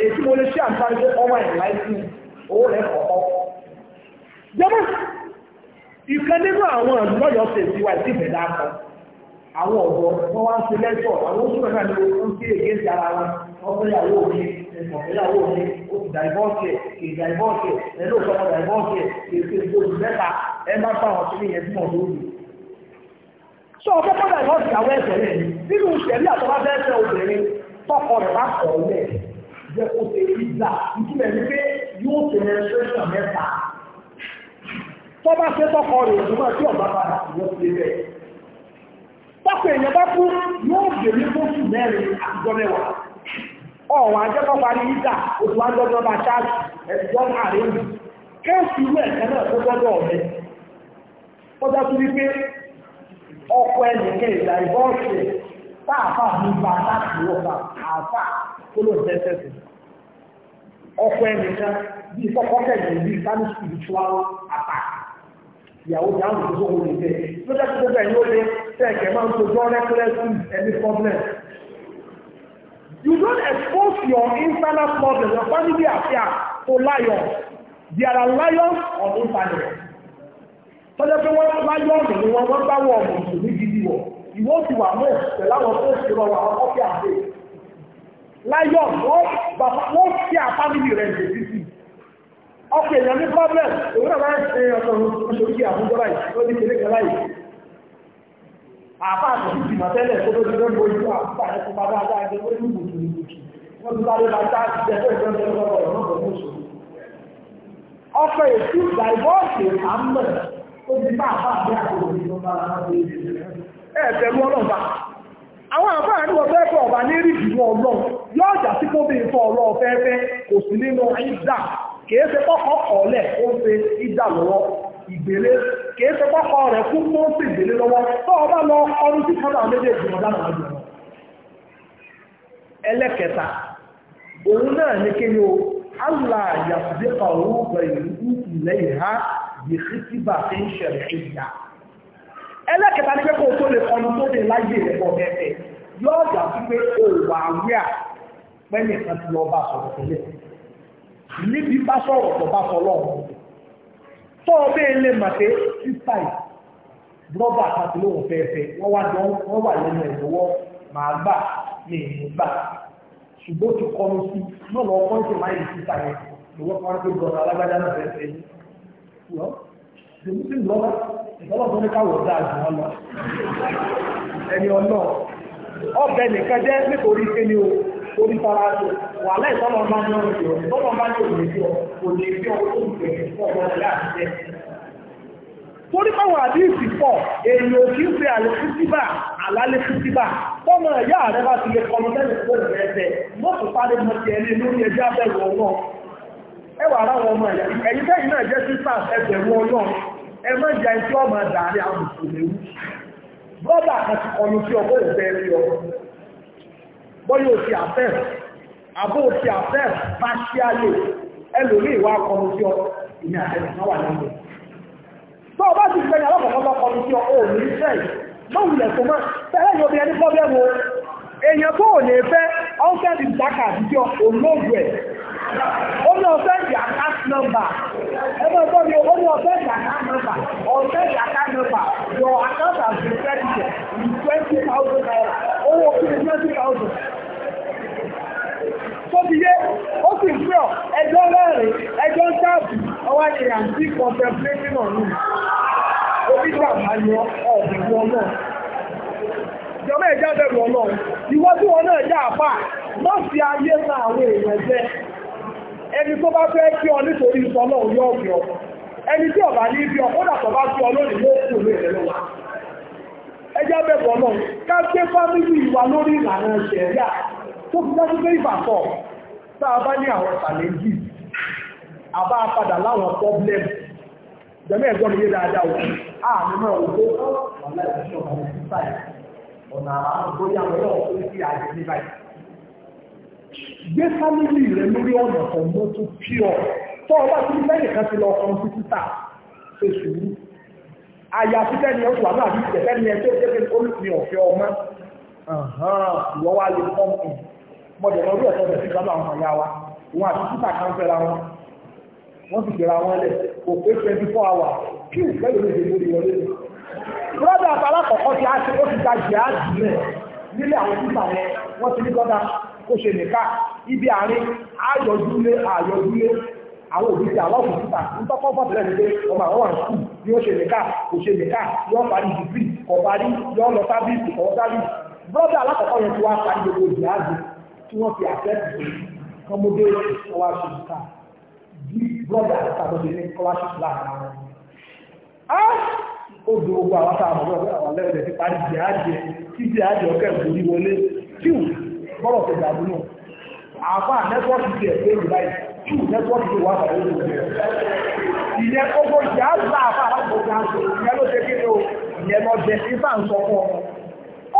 èyí tí mo lè ṣe àǹfààní ọmọ ẹ̀ owó rẹ̀ kọ̀ọ̀kọ́. jọba ìkan nínú àwọn àlùmọ́yọ̀ ọ̀sẹ̀ ti wà ìbẹ̀dá kan àwọn ọ̀bọ wọ́n wá ń ṣe lẹ́tọ̀ àwọn oṣù mẹ́ta ni wọ́n ń ké ègéṣì ara wọn wọ́n fẹ́ yàwó mi ẹ̀sọ̀ fẹ́ yàwó mi ó ti dàìbọ́ọ̀sì kì í dàìbọ́ọ̀sì ẹ̀ ló sọ́kọ̀ dàìbọ́ọ̀sì kì í ṣe ìṣòro mẹ́ta ẹ má bá wọn sílé yẹn tí wọ́n tó lù. sọ fẹ́ kọ́ dàìbọ́ọ̀sì àwọn ẹ̀sẹ̀ rẹ̀ nínú ìṣẹ̀lẹ̀ àtọ́wá fẹ́ fẹ́ obìnrin tọkọ rẹ̀ bá kọ̀ ọ́ lẹ̀ jẹ́ kó ṣe ìgbà ìtumẹ̀ ní pé yóò ṣe menstruation mẹ́ta tọ́ bá ṣe tọkọ rẹ̀ òṣùwọ̀n pápá èèyàn bá kú yóò bèèrè fóṣù mẹ́rin àtijọ́ mẹ́wàá ọ̀wọ̀ ajẹ́kọ̀ọ́ parí ìdá oṣù àjọ́jọ́ bá ṣáàjì ẹ̀sùn ọ̀nà àríwú kẹ́ẹ̀sì irú ẹ̀kẹ́ náà tó gbọ́dọ̀ ọ̀rẹ́ ó ọkọ̀ ẹnìkẹ́ ìbọ́ọ̀ṣẹ̀ ní láti àfà tó tẹ́tẹ́sì ọkọ̀ fọ́kọ́kẹ́ ìyàwó ti àwọn òṣìṣẹ́ òun nìfẹ́ lọ́jọ́ tó gbogbo ẹ̀yìn ó lé tẹ̀kẹ̀ máa ń tojọ́ recklessly any problem. You don't expose your internal problem, your family affair to lions. There are lions on internet. Tọ́jọ́ pé wọ́n lions ni wọ́n wọ́n bá wọ̀ ọ̀mọ̀ ìṣòwò gidi wọ̀. Ìwọ́n ti wà mọ́ pẹ̀láwọn tó ṣe lọ wà wọ́n kọ́fí àgbẹ̀. Lions wọ́n fi àfámìlì rẹ̀ ṣèṣì ọkọ̀ èèyàn ní problem òun náà máa ń ṣe ọ̀sán oṣooṣi àbújọ báyìí ó ní kéré kan láyìí àbá àti ìsìn àtẹ́lẹ̀ tó lójú ló ń bojú àbúkà ẹ̀ fún bàbá àgbà ẹgbẹ́ ó ní gbùdù ní gbùdù wọ́n ti sáré bá tá ìjẹ́ tó ìjọ́ ìjọ́ lọ́wọ́ ọ̀rọ̀ náà lọ́wọ́ oṣù ọkọ̀ èsì dàìbọ́ọ̀sì àmọ́ tó ti bá àbá àbí àkókò ní ló àwọn àbá ní wọ́n fẹ́ fẹ́ ọ̀bà ní rí jùlọ ọlọ́ọ̀ yóò jà sí kó bí ìfọ̀ ọlọ́ọ̀ kò sí nínú ìdá kìí ṣe kọ́kọ́ kọ̀ọ́lẹ̀ ó ń ṣe ìdà lọ́wọ́ ìgbélé kìí ṣe kọ́kọ́ rẹ̀ kú tó ń ṣe ìgbélé lọ́wọ́ tó ọba lọ ọdún tí kọ́nà méjèèjì ọ̀dà náà jù lọ. ẹlẹ́kẹta òun náà ní kí ni o allah yàtúndé kàwé bẹ̀rẹ̀ ìlú ìlẹ́yìn ha yìí kí tí bá fi ń ṣẹlẹ̀ ìyá. ẹlẹ́kẹta ní pé tó lè kọ́nu tó lè láyé rẹ̀ bọ̀ mẹ́fẹ̀ẹ́ níbi bá sọ̀rọ̀ tó bá sọ lọ́wọ́ tó o bẹ́ẹ̀ lè mà pé sísá yìí bọ́bà àti lóhùn fẹ́ẹ́fẹ́ wọ́n wá jọ wọ́n wà lẹ́nu ẹ̀ lọ́wọ́ màá gbà ní ìlú gbà ṣùgbọ́n tó kọlu sí náà lọ́wọ́ pọ́ńtì máa yìí sísá yẹn lọ́wọ́ pọ́ńtì gbọ́dọ̀ alágbádá náà fẹ́ẹ́ fẹ́ yìí dèmísìn lọ́wọ́ ìtọ́lọ́sọ ní káwọ̀ dáa jù wọ́n lọ ẹni ọlọ́ ọbẹ̀ nìkan jẹ́ nítorí kéde o orí fara ṣe wà láì tọ́lọ̀ bá ní ọ̀rọ̀ ìjọ tọ́lọ̀ bá ní òun ìjọ kò lè fi ọwọ́ tó ń bẹ̀ fún ọmọ rẹ̀ láti jẹ́. torí báwọn àdíìsì pọ̀ èèyàn ò kí ń pe àlè fúsíbà àlálẹ́ fúsíbà tọ́mọ ẹ̀yà rẹ bá ti lè kọlu lẹ́yìn tó rẹ̀ ẹ̀fẹ̀ mọ́tò sáré mọ́ ti ẹni lórí ẹjẹ́ abẹ́rù ọ̀nà ẹ wà ráwọn ọmọ ẹ̀yà ẹ̀yìn tẹ́yìn náà jẹ́ sisters ẹgbẹ̀rún ọ̀nà ẹ má jẹ́ ẹni tí ọmọ dàrí àbùkù léwu brọ́dà kan ti kọlu sí ọgbọ́n ìfẹ́ rí ọ bọ́yọ̀ òsì àfẹ́ àbó òsì àfẹ́ bá ṣí àlè ẹlòmí ìwà akọni sí ọ ìní àtẹnì kan wà lẹ́yìn tó o bá ti gbẹ̀yìn alákọ̀ọ́kọ́ bá kọni sí ọ ò ní fẹ́ lóhùlẹ̀ tó mọ́ fẹ́rẹ́ yóò bí ẹni pọ́bẹ́mù èèyàn tó ò lè fẹ́ ọ́nfẹ́ ti dákà àtijọ́ olóògbé ẹ̀ ó ní ọ̀fẹ́ ìdí àkáṣ nọ́mbà ẹgbẹ́ ẹgbẹ́ mi ó ní ọ̀fẹ́ ìdí àkáṣ nọ́mbà ọ̀fẹ́ ìdí àkáṣ nọ́mbà your account has been credited with twenty thousand naira owó kí ni twenty tó ti ó sì ń pè ọ́ ẹjọ́ lẹ́rìn ẹjọ́ sáàbù ọwọ́ àǹtí náà nù onígbà àyọ ọ̀bẹ̀rù ọmọ ìjọba ẹ̀já bẹ̀rù ọmọ ìwọ́ tí wọn náà já àpá wọ́n fi ayé sa àwọn èèyàn jẹ ẹni tó bá fẹ́ kí ọ nítorí ọ ẹni tí ọba ní ibi bá fi ọ ló kù tó fi dájú pé ìbàtọ̀ tá a bá ní àwọn tàlẹ́jì àbá padà láwọn pọ́blẹ́mù jẹ́mẹ́ ẹ̀gbọ́n mi yé dáadáa wọ̀ àmì náà wò pé ọ̀nà ìṣọ̀ ọ̀nà ìṣọ̀ ọ̀nà àwọn bóyá wọn náà ó sì àjẹ ní báyìí. gbé fámìlì rẹ lórí ọ̀nà kan mọ́ tó pure tó ọba tí lẹ́yìn kan ti lọ ọkàn títà ṣe sùúrù. àyàfi tẹ́ni ẹ̀ wà náà bí tẹ́ni ẹ̀ tó ṣe pé olùsìn ọ̀fẹ́ ọmọ ìwọ́ wa lè pọ́ǹpù mọ̀jẹ̀ lọ bí ẹ̀sọ́ bẹ̀sí lọ́dọ̀ àwọn ọ̀yá wa wọn àti títà kan fẹ́ra wọn wọ́n sì gbéra wọn lẹ̀ kò pé twenty four hours kí ìfẹ́ yóò lè lórí wọlé lọ. brọ́dà àtàlà kọ̀ọ̀kan ti á ṣe ó ti ta jẹ́ àdìlẹ̀ nílé àwọn títà yẹn wọ́n ti ní gbọ́dá kó ṣe nìka ibi àárín ayọ̀dúlé ayọ̀dúlé àwọn òbí ti àwọn òkú títà ń tọ́kọ́ bọ̀tẹ̀lẹ̀ nílé ọmọ àwọn wà sùn bí ó ṣe nìka kò ṣe nìka yọ parí dìbì kọ̀ parí yọ lọ sábìsì kọ̀ sábìsì brọ́dà alákọ̀ọ́kọ́ yẹn ti wá parí gbogbo ìdí àgbẹ̀ tí wọ́n fi àtẹ́tù kọ́mọdé scholarship ká bí brọ́dà àtàbọ̀dé ní scholarship láàrin àwọn odò ogun àwọn tá a mọ̀ lọ́wọ́ àwọn lẹ́wọ̀n ti parí jẹ́àjẹ́ tí jẹ́àjẹ́ ọkẹ́ ìgbòrí wọlé tíù bọ́rọ̀ ti dàbí náà àfáà nẹ́tíwọ́ọ̀kì ti ẹ̀fẹ́ ìgbàyì tíù nẹ́tíwọ́ọ̀kì ti wà pàdé òjò ìyẹn gbogbo jẹ́àjẹ́ àfáà alágbòjá ìyẹn ló ṣe o ìyẹn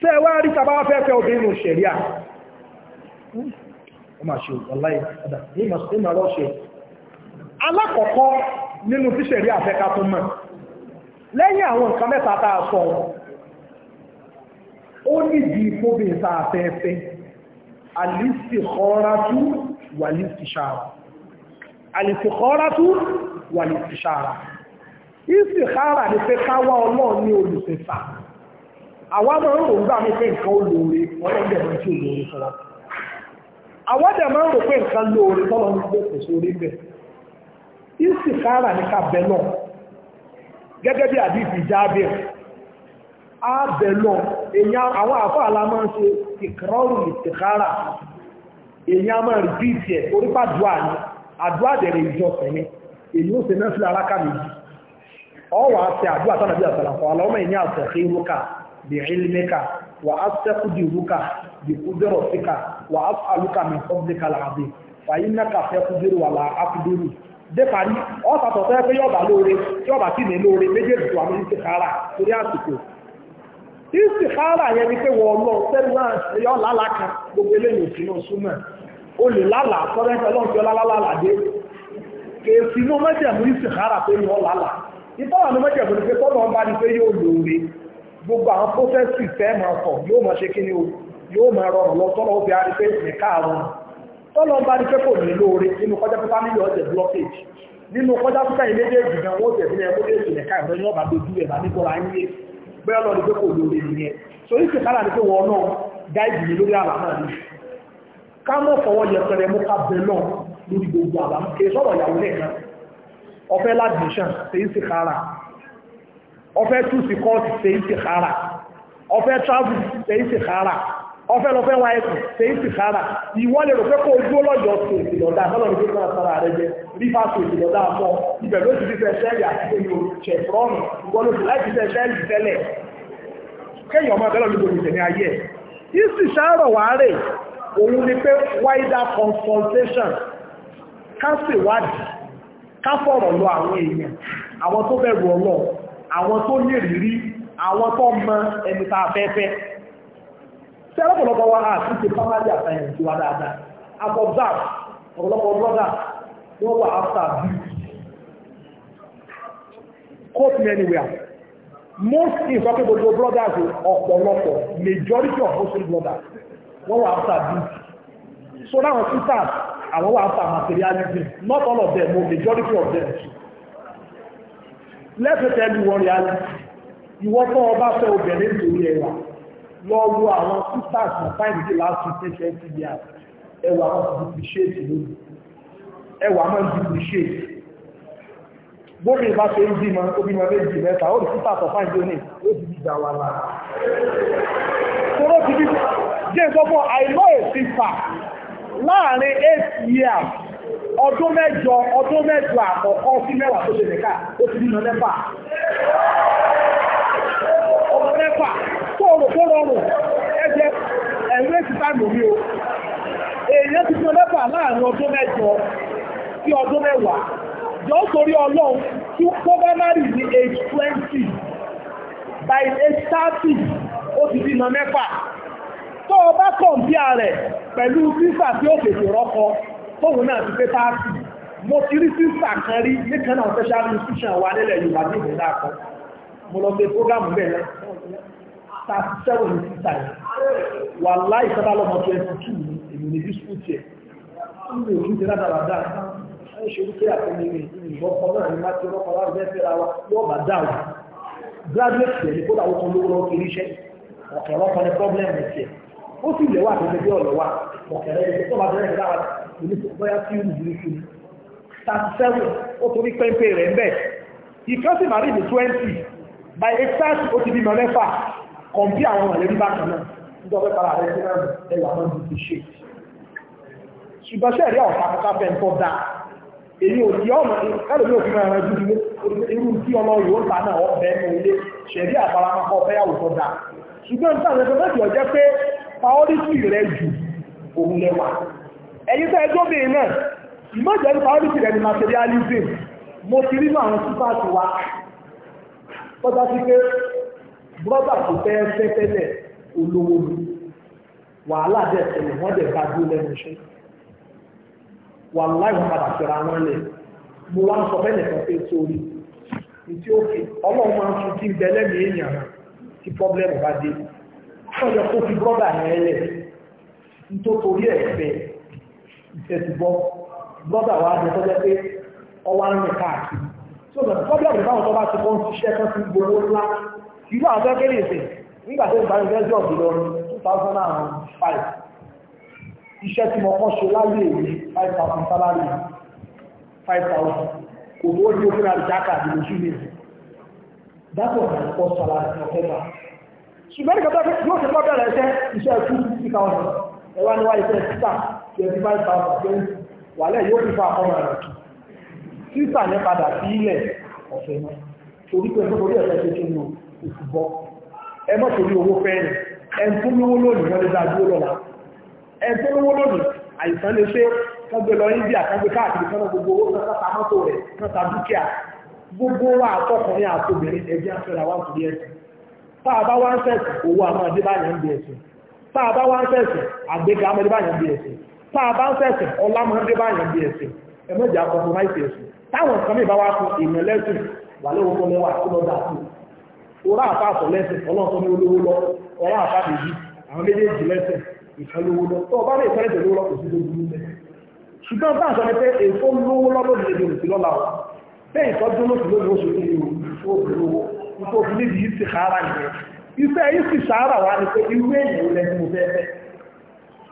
ṣe wá rí tàbá fẹ́fẹ́ obìnrin òṣèré à ó máa ṣe ọláyé ọ̀dà ní ìmọ̀ lọ́ṣẹ̀ alákọ̀ọ́kọ́ nínú tíṣẹ̀rí àfẹ́ká tó mọ̀ lẹ́yìn àwọn nǹkan mẹ́ta tá a sọ ó nídìí kóbìnrin tá àwọn máa ń rò ń gbà mí pé nǹkan ó lóore wọ́n lọ́n dẹ̀ máa tí ò lóore fún wa àwọn dẹ̀ máa ń rò pé nǹkan lóore tọ́lọ́ ń gbé kò sórí bẹ̀ ìsì kára ní kábẹ́ náà gẹ́gẹ́ bí àdìsí jábẹ́ àbẹ̀ náà èèyàn àwọn àfọ́ àlá máa ń ṣe ìkọrọ̀rù ìtìkára èèyàn máa rí bíi tiẹ̀ orípa dùá بعلمك وأستقدرك بقدرتك وأسألك من فضلك العظيم فإنك تقدر ولا أقدر dé parí ọ́sàtọ̀ tẹ́ pé yọ̀bà lóore yọ̀bà tí ní lóore méjèèjì tó àmì ìsìkára torí àsìkò ìsìkára yẹn ni pé wọ́n lọ sẹ́nu náà yọ̀ lálá kan gbogbo eléyìí òsínú súnmọ̀ o lè lálà sọ́dẹ́ fẹ́ lọ́n fi ọlá lálá làdé kèsì inú mẹ́jẹ̀mú ìsìkára pé yọ̀ lálà ìtọ́wà mẹ́jẹ̀mú ni pé tọ́lọ́ ń bá pé yóò lóore gbogbo àwọn pósẹ́sì fẹ́ máa kọ̀ yóò máa ṣe kí ni o yóò máa rọrùn lọ tọ́lọ́ ó fi arí pé nìka àrùn tọ́lọ́ ń bá ní pé kò ní lóore nínú kọjá pípa nílò ọ̀jẹ̀ blockage nínú kọjá pípa yìí méjèèjì gan wọ́n tẹ̀ sílẹ̀ ẹgbẹ́ èsì nìka ìrọ̀ ní ọ̀bà dojú ẹ̀ láti kọ́ra ń yé bẹ́ẹ̀ lọ ní so ní ní pé wọn náà gáìdì lórí àlá ọfẹ́ tù sí kọ́ọ̀tù ṣe é sì kára ọfẹ́ travel ṣe é sì kára ọfẹ́ lọ́fẹ́ wa ẹ̀kùn ṣe é sì kára ìwọ́n lè rò pé kó ojú ọlọ́jọ́ tó ìdọ̀dá sọ́lọ́dún tó náà sára rẹ jẹ rífà tó ìdọ̀dá fọ́ ibẹ̀ ló ti fi fẹ́ sẹ́ẹ̀lì àti pé yóò ṣẹ̀ fúrọ́ọ̀nù ìwọ́n ló ti láì fi fẹ́ sẹ́ẹ̀lì tẹ́lẹ̀ kéèyàn ọmọ abẹ́lẹ̀ olùgbò ìṣẹ̀lẹ̀ ayé ẹ̀ ìsì ṣàárọ̀ wàárè òun ni pé wider consultation ká ṣèwádìí ká fọ̀rọ̀ lọ àwọn èèyàn àwọn tó bẹ̀rù ọlọ́run àwọn tó ní ìrírí àwọn tó mọ ẹni tá a fẹ́ fẹ́ ṣé ọlọ́pọ̀lọpọ̀ wa á ti ṣe pàmàlì àtàyàn tí wá dáadáa àbọ̀bá ọ̀pọ̀lọpọ̀ brọ́dà wọ́n wà áfà bí court anywhere most ìfọ́pẹ́ gbogbo brothers ọ̀pọ̀lọpọ̀ majority of muslim brothers wọ́n wà áfà bí so now sisters àwọn wà áfà materialism not all of them but majority of them too let me tell you one reality ìwọ tó ọba fẹ́ obìnrin nítorí ẹwà lọ wo àwọn sisters na five day last week ten twenty years ẹwà máa ń depreciate lónìí ẹwà máa ń depreciate bóbi ìbá ṣe ń bímọ obìnrin méjì mẹ́ta ó ní sisters of five day ní ó ti gbígbà wà lára tóró ti bí jẹ́ ìsọ́fún àìmọ́ èsì fà láàrin eight years ọdún mẹ́jọ ọdún mẹ́jọ àkọ́kọ́ sí mẹ́wàá tó ṣe nìka ó ti nínú mẹ́fà ọmọ mẹ́fà tó rò tó rọrùn ẹgbẹ́ ẹ̀rú èsì táàmù mi o èèyàn ti nínú mẹ́fà láàrin ọdún mẹ́jọ sí ọdún mẹ́wàá jọ sórí ọlọ́run tí tó bá má rì ní age twenty by age thirty ó ti nínú mẹ́fà tó o bá kọ̀ bí ara rẹ̀ pẹ̀lú fífà tí ó fèsì rọ́kọ tóun náà ti pé táàtì mo ti rí sísà kan rí nìkan náà special institution wa nílẹ̀ Yorùbá ní ìlú náà kan mo lọ sí program bẹ́ẹ̀ thirty seven ní sísà yẹn wà láì sábà lọ́mọ twenty two ní èmi ní bí school tiẹ̀ níbi òfin ti rádà rádà ẹ ṣe orí pé àtẹnì mi ìbọn kan náà ní má ti rọ́pọ̀ láti bẹ́ẹ̀ fẹ́ra wa yóò bá dà wá graduate tiẹ̀ ní kódà bóyá tí ó nìyí fún mi thirty seven ó torí pẹ́ńpẹ́ rẹ̀ ń bẹ̀ ìfẹ́ sì máa rí ní twenty by eight thirty ó ti bímọ mẹ́fà kọ̀m̀pí àwọn mọ̀lẹ́bí bákan náà nígbà pẹ́ para rẹ̀ sí náà ẹ̀yà máa ń di ṣe ṣùgbọ́n sẹ́ẹ̀rí àwọn kàkàkà fẹ́ ń tọ́ da èyí ò yọ ọmọ ẹlòmí òfin máa rẹ dúdú irú tí ọmọ yòó ń ta náà ọ bẹ́ẹ̀ ní ilé ṣẹ̀rí àbáramákọ fẹ́yàwó tọ́ da ṣùgbọ́n nígbà tó fẹ́ jọ jẹ́ pé priority rẹ jù òun lẹ́wà ẹ̀yin tẹ́ ẹjọ́bìnrin náà ìmọ̀jẹ̀ nípa oríṣi rẹ̀ materialism mo ti rí àwọn wa tọ́já sí pé brọ́dà fẹ́ fẹ́ tẹ́lẹ̀ olówó wàhálà dẹ̀ tẹ̀lé wọ́n dẹ̀ dúró lẹ́nu iṣẹ́ padà fẹ́ra wọn lẹ̀ mo wá ń sọ bẹ́ẹ̀ nìkan pé sórí ìtí ó fi ọlọ́run máa ń fi kí n bẹ èèyàn tí pọ́blẹ́mù bá dé ìfẹ̀sùbọ́ lọ́dà wa jẹ́ tọ́jẹ́ pé ọwá ń rìn káàkiri tí ó bẹ̀rẹ̀ pọ́bí ọ̀rẹ́ báwọn tó bá ti kọ́ ń ṣiṣẹ́ kan sí gbogbo ńlá ìlú àwọn fẹ́ kéré ìsìn nígbà tó ìgbà ìgbà ìjọ ìlọ 2005 iṣẹ́ tí mo kọ́ ṣe láyé èyí 5000 salary 5000 kò tó ní òfin àdìjáka àdìlò sí ilé dápò ní ọkọ̀ salary ọ̀tẹ́ta ṣùgbọ́n ìgbà tó yóò ṣe lọ́bẹ̀rẹ̀ iṣẹ́ iṣẹ́ 250,000 ẹ̀wá níwá iṣẹ́ 6 twenty five thousand twenty wàhálẹ̀ yóò fi fa àkọ́mọ rẹ̀ kì sísà yẹn padà sí ilẹ̀ ọ̀fẹ́ náà torí pé torí ẹ̀fẹ́ ṣe kí ni o bọ́ ẹ mọ̀ torí owó fẹ́ẹ̀rì ẹn tó lówó lónìí wọ́n lè dá dúró lọ́la ẹn tó lówó lónìí àìsàn lè ṣe kán lọ India kán káàkiri kán gbogbo owó kán ta mọ́tò rẹ̀ kán dúkìá gbogbo wa àtọkùnrin àtobìnrin ẹ̀jẹ̀ àfẹ́ra wà torí ẹ̀sìn tá a bá wá ń fẹ̀sìn owó àmọ́ adébáyà ń bí ẹ̀sìn tá a bá wá ń fẹ̀sìn àgbéga àmọ́ adébáyà ń bí ẹ̀sìn tá a bá ń sẹ̀sìn ọlá máa ń dé báyàn bí ẹ̀sìn ẹ̀mọ́jì akọ̀tún láì sẹ̀sìn táwọn nǹkan mìíràn bá wá fún èèyàn lẹ́sìn wà lóhun tó lẹ́wà tó lọ́dà sí orá àpá àtọ̀ lẹ́sìn ọlọ́run tó ní olówó lọ ọlá àpá méjì àwọn méjèèjì lẹ́sìn ìkan lówó lọ tó ọba méjì fẹ́rẹ̀ lówó lọ kò sí lójú lẹ́ ṣùgbọ́n bá àṣọ ni pé èso lówó lọ́dọ̀ ní èdè òsì lọ́la o bẹ́ẹ̀ ìtọ́jú lóṣù lóṣù oṣù ní ìlú ìfowópamọ́ lówó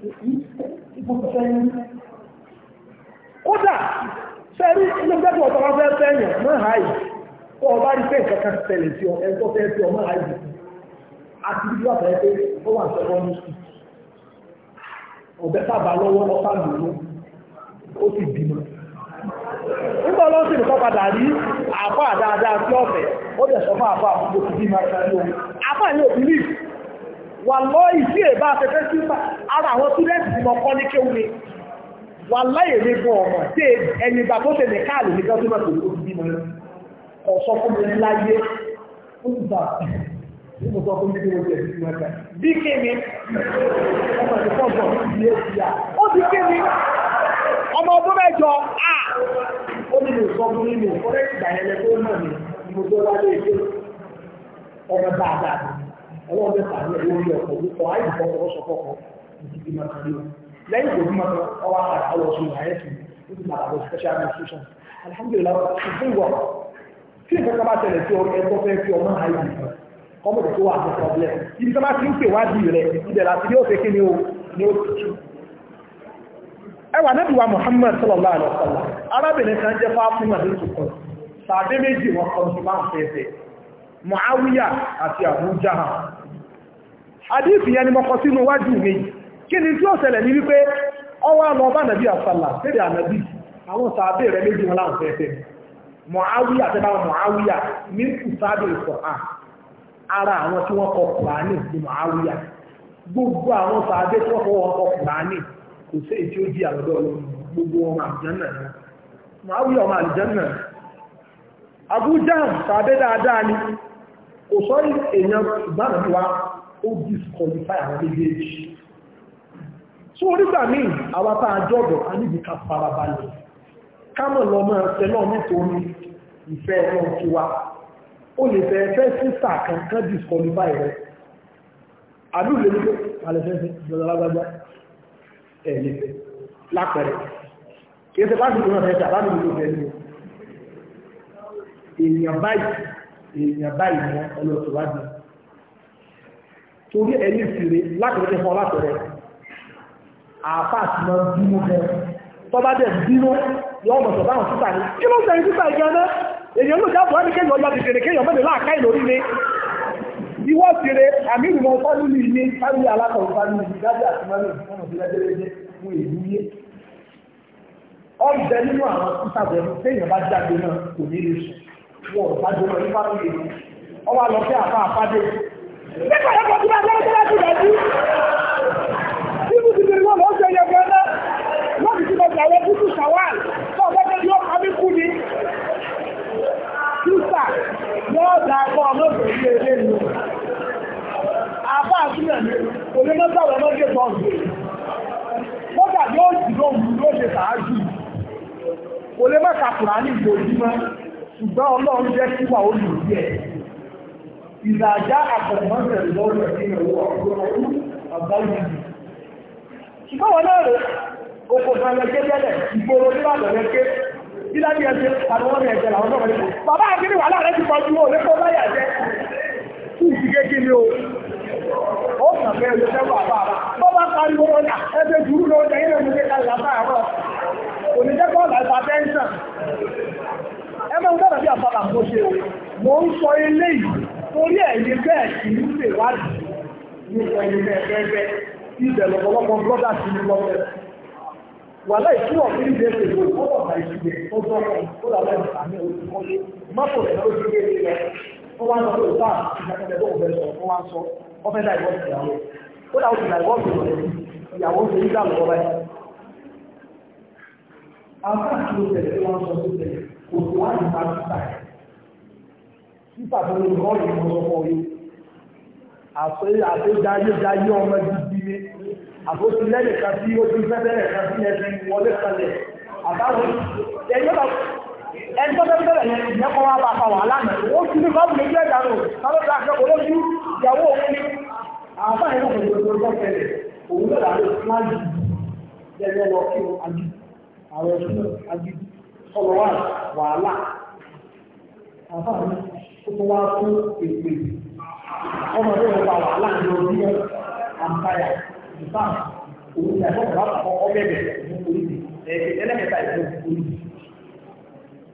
kódà fẹ́rí ilé-ìjẹ́bù ọ̀tọ́ wọn fẹ́ fẹ́yàn máa háì kó o bá rí pé nǹkan kan ṣẹlẹ̀ sí ọ ẹ̀kọ́ fẹ́ sí ọ máa háì bù àti bí wọ́n fẹ́ pé ó wà sọ́kọ́ ní sùn ọ̀bẹ sábà lọ́wọ́ ọ̀pá lòló ó sì bímọ nígbà lọ́wọ́ sì nìkan padà rí àpá dáadáa sí ọ̀fẹ́ ó dẹ̀ sọ fún àpá àbúgbò sí bí wà lọ ìdí èbá afẹ́fẹ́ sí ma ara àwọn túdẹ́sì tí mo kọ́ ní kéwu ni wà láyè ní bọ̀ ọmọ tí ẹni bá tó tẹ̀lé káàlì ní gọ́ọ̀tún mẹ́tò tó ti bímọ kọ̀ sọ fún mi láyé ó ti bà ní mo sọ fún mi bí mo tẹ̀lé sí wọn kan bí kémi ọmọ ìdí pọ̀pọ̀ ní èsì à ó ti kémi ọmọ ọdún mẹ́jọ à ó ní mo sọ fún mi mi ò fọ́rẹ́ ìgbà ọmọ dáadáa ọlọ́run bẹ́ẹ̀ na ẹ̀ lórí ọkọ̀ orúkọ àìsàn ọkọ̀ ọ̀ṣọ̀kọ̀kọ̀ ìdíje máa kan lórí lẹ́yìn ìgbòho máa kan ọwọ́ àkàrà àwọ̀ ọ̀ṣun àyẹ̀sì ó ti máa lọ special administration alhamdulilayi ṣùgbọ́n ìwà tí kan bá ẹ̀kọ́ fẹ́ fi ọmọ àyè kọ́mọ̀ tó wà ní problem ibi tó bá ti ń pè rẹ̀ ibẹ̀ láti ní òfin kíni o ní ó sallallahu arábìnrin àdífì yẹn ni mọ́kọ sínú wájú mi kí ni tí ó ṣẹlẹ̀ ní wípé ọwọ́ àmọ́ ọba nàbí àsàlà tẹ́lẹ̀ ànàbí àwọn sàábé rẹ̀ méjì wọn láwọn fẹ́ẹ́ mọ̀háwíyà tẹ́lá mọ̀háwíyà ní ìsáàbì ìkọ̀hán ara àwọn tí wọ́n kọ kùránì ní mọ̀háwíyà gbogbo àwọn sàábé tí wọ́n fọwọ́ kọ kùránì kò sí èyí tí ó di àlọ́dọ́ gbogbo ọmọ àlùjánà náà mọ̀háwíyà ó disqualify àwọn méjèèjì so onígbà míì àwa tá a jọ́dọ̀ a níbi ká farabalẹ̀ kámọ̀ lọ máa ṣe náà nítorí ìfẹ́ ẹ̀rọ ti wa ó lè fẹ́ fẹ́ sísà kankan disqualify rẹ̀ àdúrà lè ní pé alẹ́ fẹ́ fẹ́ jọ̀dọ̀ lágbájá ẹ̀ lè fẹ́ lápẹ̀rẹ̀ kìí ṣe pàṣẹ ìgbìmọ̀ ẹ̀ṣẹ̀ àbámi ìlú ọ̀fẹ́ ni èèyàn báyìí èèyàn báyìí ni wọ́n ọlọ́tọ̀wádìí torí ẹ̀yìn ìfìrè láti rẹ̀ fọ́ láti rẹ̀ àáfàá sì máa bínú gan tọ́ba dẹ̀ bínú yọ ọmọ sọ̀tà àwọn títà ní kí ló ń sẹ́yìn títà ìgbà náà èyàn ló jábọ̀ wá ní kéèyàn ọjà ti fèrè kéèyàn mẹ́lẹ̀ láàká ìlórí ni ìwọ́ fèrè àmì ìrìnà fámìlì ní fámìlì alákọ̀ọ́ fámìlì ìdájọ́ àti mẹ́lẹ̀ fún ọ̀dọ́ lẹ́gbẹ̀rẹ́ fún èlú yé ọ̀bẹ nínú àwọn títà bẹ̀rù kéèyàn bá jáde náà kò ní lè sùn wọn ò bá jọ lọ ní fámìlì ọwọ́ àlọ́fẹ́ àfa àfádé Nígbà yẹn kò tí máa lọ́wọ́ tó bá ti rẹ̀ sí. Tí mo ti bèrè wọn lọ sí ẹyẹ gan náà, wọ́n ti ti lọ sí àwọn búkú ṣàwáàl tó ọ̀gá tó yọ ọmọ mi kú ni. Sísà yóò dà kọ́ ọmọ òṣèlú ilé ìlú. Àbá àtúnyẹ̀ mi, òní ló sọ̀rọ̀ lọ́gẹ̀ bọ́ọ̀lù. Mọ́tà yóò jì lóhùn ló ṣe sàájú. Kò lè má Ọlọ́run jẹ́ kíwà ó lù ú yẹ. إذا جاء المنزل الدولة الذين هو أرضه الضيب ṣùgbọ́n wọn náà rẹ̀ oko kan lẹ jẹ́ tẹ́lẹ̀ ìgboro nígbà lọ́rẹ́ ké bí láti ẹ̀jẹ̀ àwọn ọmọ ẹ̀jẹ̀ làwọn náà rẹ̀ bàbá àgbẹ̀rẹ̀ wà láàrẹ̀ ti pọ̀jù ó lépo báyà jẹ́ kí n ti gé kí ni o ó kàn fẹ́ ojú fẹ́ wà bàbá bọ́ bá pariwo wọn náà ẹgbẹ́ dúró ló jẹ́ ilé ìmúlẹ̀ ká làbá àwọn onídẹ́kọ̀ọ́ làbá tẹ́ńsàn ẹ mọ̀ ń gbọ́dọ̀ bí àbálà mo ṣe mo ń sọ eléyìí torí ẹ̀yìn bẹ́ẹ̀ kì í lè wádìí nípa ẹ̀yìn ẹ̀fẹ́fẹ́ tí ìbẹ̀rẹ̀ ọ̀pọ̀lọpọ̀ brọ́dà sí ní lọ́fẹ́ tó ọ̀pọ̀ àìsílẹ̀ tó tọ́lọ̀ tó làwọn ìsàmì oṣù mọ́lé wá ń sọ tó tẹ̀lé títà tó lórí kọ́ọ̀lù ìmọ̀ sọ́kọ̀ yìí àtẹ́jáyéjáyé ọmọ gidi ni àbótí lẹ́yìn kan tí ó ti fẹ́bẹ̀rẹ̀ kan sí ẹ̀sìn wọlé kalẹ̀ àbáwọn ẹni tó fẹ́ bẹ̀rẹ̀ yẹn ìyẹn kọ́ wá bá pa wà lánàá ó ti ní báwọn méjì ẹ̀dá nù tábẹ́ bá akẹ́kọ̀ọ́ lójú ìyàwó òun ni àbá yẹn kò tó tó tó fẹ́rẹ̀ òun ló dàbí fúlájì ẹgbẹ́ lọ kí o ó wá fún èpè ọmọ tó ń pa wàhálà ní orí ẹ̀ ìfà òun ti àgbọ̀ bàbá kọ ọbẹ̀ bẹ̀ ní orí ẹ̀ ẹlẹ́kẹta ìfẹ́ orí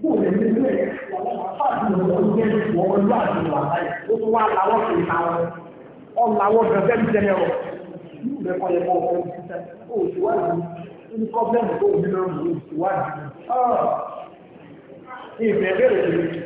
bóun lè ní ilé fáàbì ọ̀rọ̀ ń jẹ́ ìwọ̀n ló àti ìwà báyìí ó tún wá láwọ́ sí ìta wọn ọ̀làwọ́ gẹ̀gẹ́ bí jẹ́lẹ̀ ọ̀ yóò rẹ̀ kọ́ ẹ̀kọ́ ọ̀rọ̀ ní pọ́blẹ́mù tó ń bí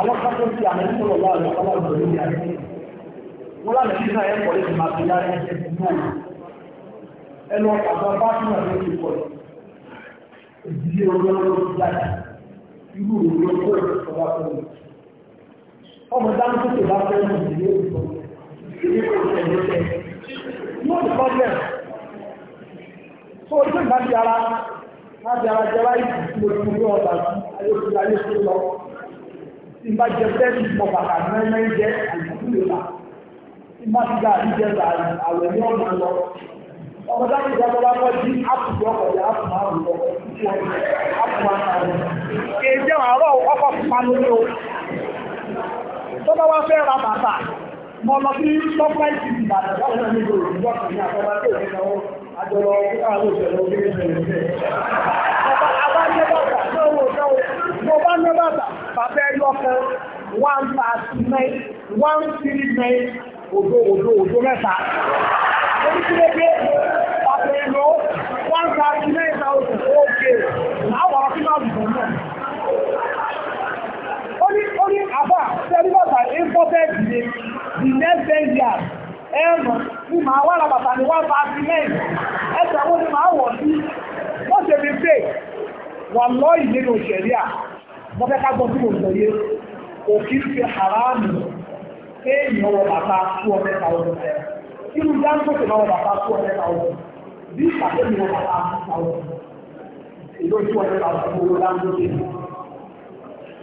àwọn sáfẹ́ ti àmì sọ̀rọ̀ wà ní ọlá ìgbòho ìyá rẹ̀. Wọ́n láti fi náà ẹ̀kọ́ lè fi máa fi láti ẹsẹ̀ ti náà. Ẹnu ọkọ̀ àgbà bá tún àti oṣù pọ̀ Ìdílé olóró ti dájà. Irú òwe kó Ọmọ dání tó bá fẹ́ ìdílé Ìdílé kò tẹ̀lé Tó tí jẹ bẹ́ẹ̀ni pọ̀ bàtà jẹ́ àìsàkúrò là tí bá ti gba àwẹ̀ ní ọ̀nà lọ ọmọ dájú ìjọba bá kọ́ sí àárọ̀ ọkọ̀ ní o wá fẹ́ ra bàtà mọ lọ sí tọ́pẹ́ láwọn náà tó bá ní bàtà bàbá ẹyọ kan one thirty nine one three nine òdo òdo òdo mẹ́ta. oríṣiríṣi bàbá ẹyọ one thirty nine thousand okay àwọn ọ̀rọ̀ náà dùn náà. ó ní ó ní àbá tẹ́lí bàtà imported ní the next ten years ní màá wà lábàtà ní one thirty nine ẹ̀sẹ̀ wo ni màá wọ̀ sí ṣe fi à. mo fẹ́ ká gbọ́ tí mo sọ yé òkì ń fi haramu kéèyàn wọ bàtà two hundred thousand naira inú jáńtòkè náà wọ bàtà two hundred thousand bí ìpàdé mi wọ bàtà two thousand èlò two hundred thousand owó láńdókè.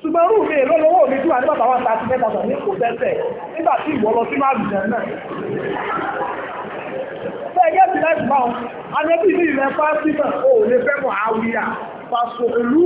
ṣùgbọ́n irú mi èlò lówó mi tún wà nígbà táwọn ta ti mẹ́ta sọ ní kò tẹ́tẹ̀ nígbà tí ìwọ lọ sínú àlùjẹ náà. Fẹ́gẹ́ ti láti bá wọn, àná bí ilé ìrẹ́pá síbẹ̀ ò lè fẹ́ mọ̀ àwíyà, pàṣẹ òlú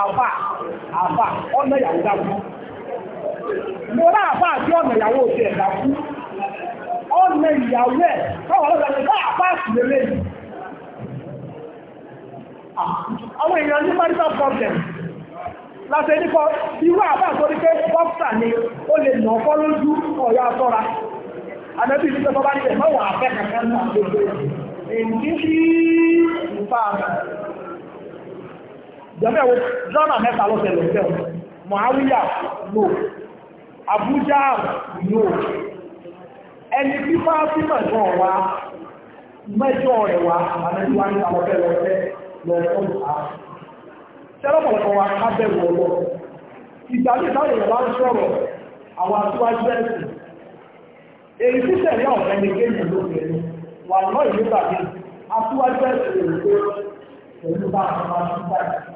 àfà àfà ọ̀nà ìyàwó dákú mo rá àfà àti ọ̀nà ìyàwó òsì ẹ̀ dákú ọ̀nà ìyàwó ẹ̀ káwọn ọlọ́dọ̀ ká àfà àwọn èèyàn ní marital problem láti ẹni kọ irú àbá àtọ́rí pé ni ó lè nà ọkọ́ lójú ọ̀yọ́ mọ́wàá afẹ́ kankan náà gbogbo èyí jẹ́mẹ́ wo drama mẹ́ta ló ṣẹlẹ̀ ṣẹ́ Muawiya no Abuja no ẹni tí Fátímà náà wá mẹ́jọ rẹ̀ wá àmẹ́jọ ní àwọn ọ̀fẹ́ lọ́fẹ́ lọ́fẹ́ ṣẹlọ́pọ̀lọpọ̀ wa kábẹ̀rù ọlọ́ ìgbà tí táwọn èèyàn bá ń sọ̀rọ̀ àwọn aṣíwájú ẹ̀sìn èyí tí tẹ̀lé ọ̀fẹ́ ni kéèyàn ló fẹ́ ní wà lọ́ọ̀ ìlú tàbí aṣíwájú ẹ̀sìn lè pé pẹ̀lú bá àwọn aṣíwájú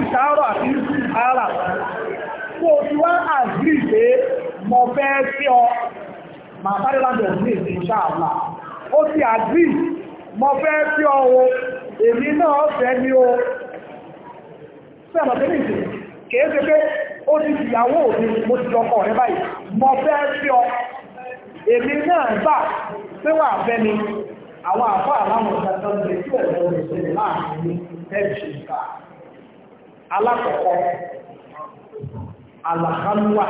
ìṣàárọ̀ àti ara kó o ti wá àgbì pé mo fẹ́ sí ọ màá sáré láti ọ̀sìn èdè ìṣàlá ó ti àgbì mo fẹ́ sí ọ o èmi náà fẹ́ ni o sí ọ̀nà tó nìyí kìí ṣe pé ó ti ìyàwó mi mo ti lọ́kọ rẹ báyìí mo fẹ́ sí ọ èmi náà gbà pé wà fẹ́ ni àwọn àfọ àwọn ọ̀sán tó ń bẹ tí ọ̀rẹ́ òṣèlú láàrin ní ẹ̀ṣin káà alákọ̀ọ́kọ́ àlàkálúwà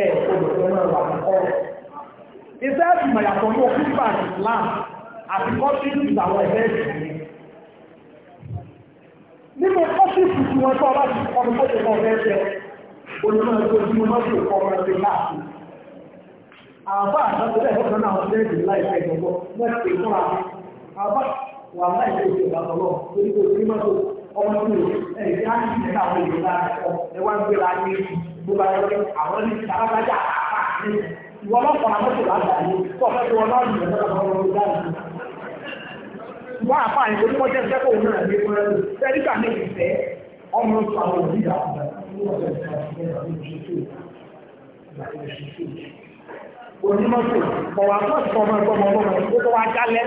ẹ̀ ọdọ̀tọ́ wà kọ́ iṣẹ́ ìmọ̀ yàtọ̀ ní òkúta Islam àti kọ́síìsì àwọn ẹgbẹ́ ìsìn nínú kọ́síìsì tí wọ́n tọ́ láti kọ́ni tó ti kọ́ bẹ́ẹ̀ jẹ́ ẹgbẹ́ tí wọ́n kọ́ ẹgbẹ́ àbá ọmọ tó ẹ̀ ẹ̀ á ti tẹ̀lé àwọn ìlú láti kọ́ ẹ wá gbé la ní bó bá yọ pé àwọn ní sàrábàjá àpá ní ìwọ ọlọ́pàá mọ́tò lágbàáyé kọ́ fẹ́ tó wọn náà yìí lọ́dọ̀ àwọn ọmọ ìlú láti wọ́n àpá yẹn kó tó jẹ́ sẹ́kọ̀ òun náà ní ìpínlẹ̀ sẹ́ríkà ní ìfẹ́ ọmọ tó àwọn òbí yà onímọ̀tò kọ̀wá fọ́ọ̀tì kọ̀ọ̀mọ̀ ẹ̀kọ́ ọmọ ọlọ́mọ tó tó wá jálẹ̀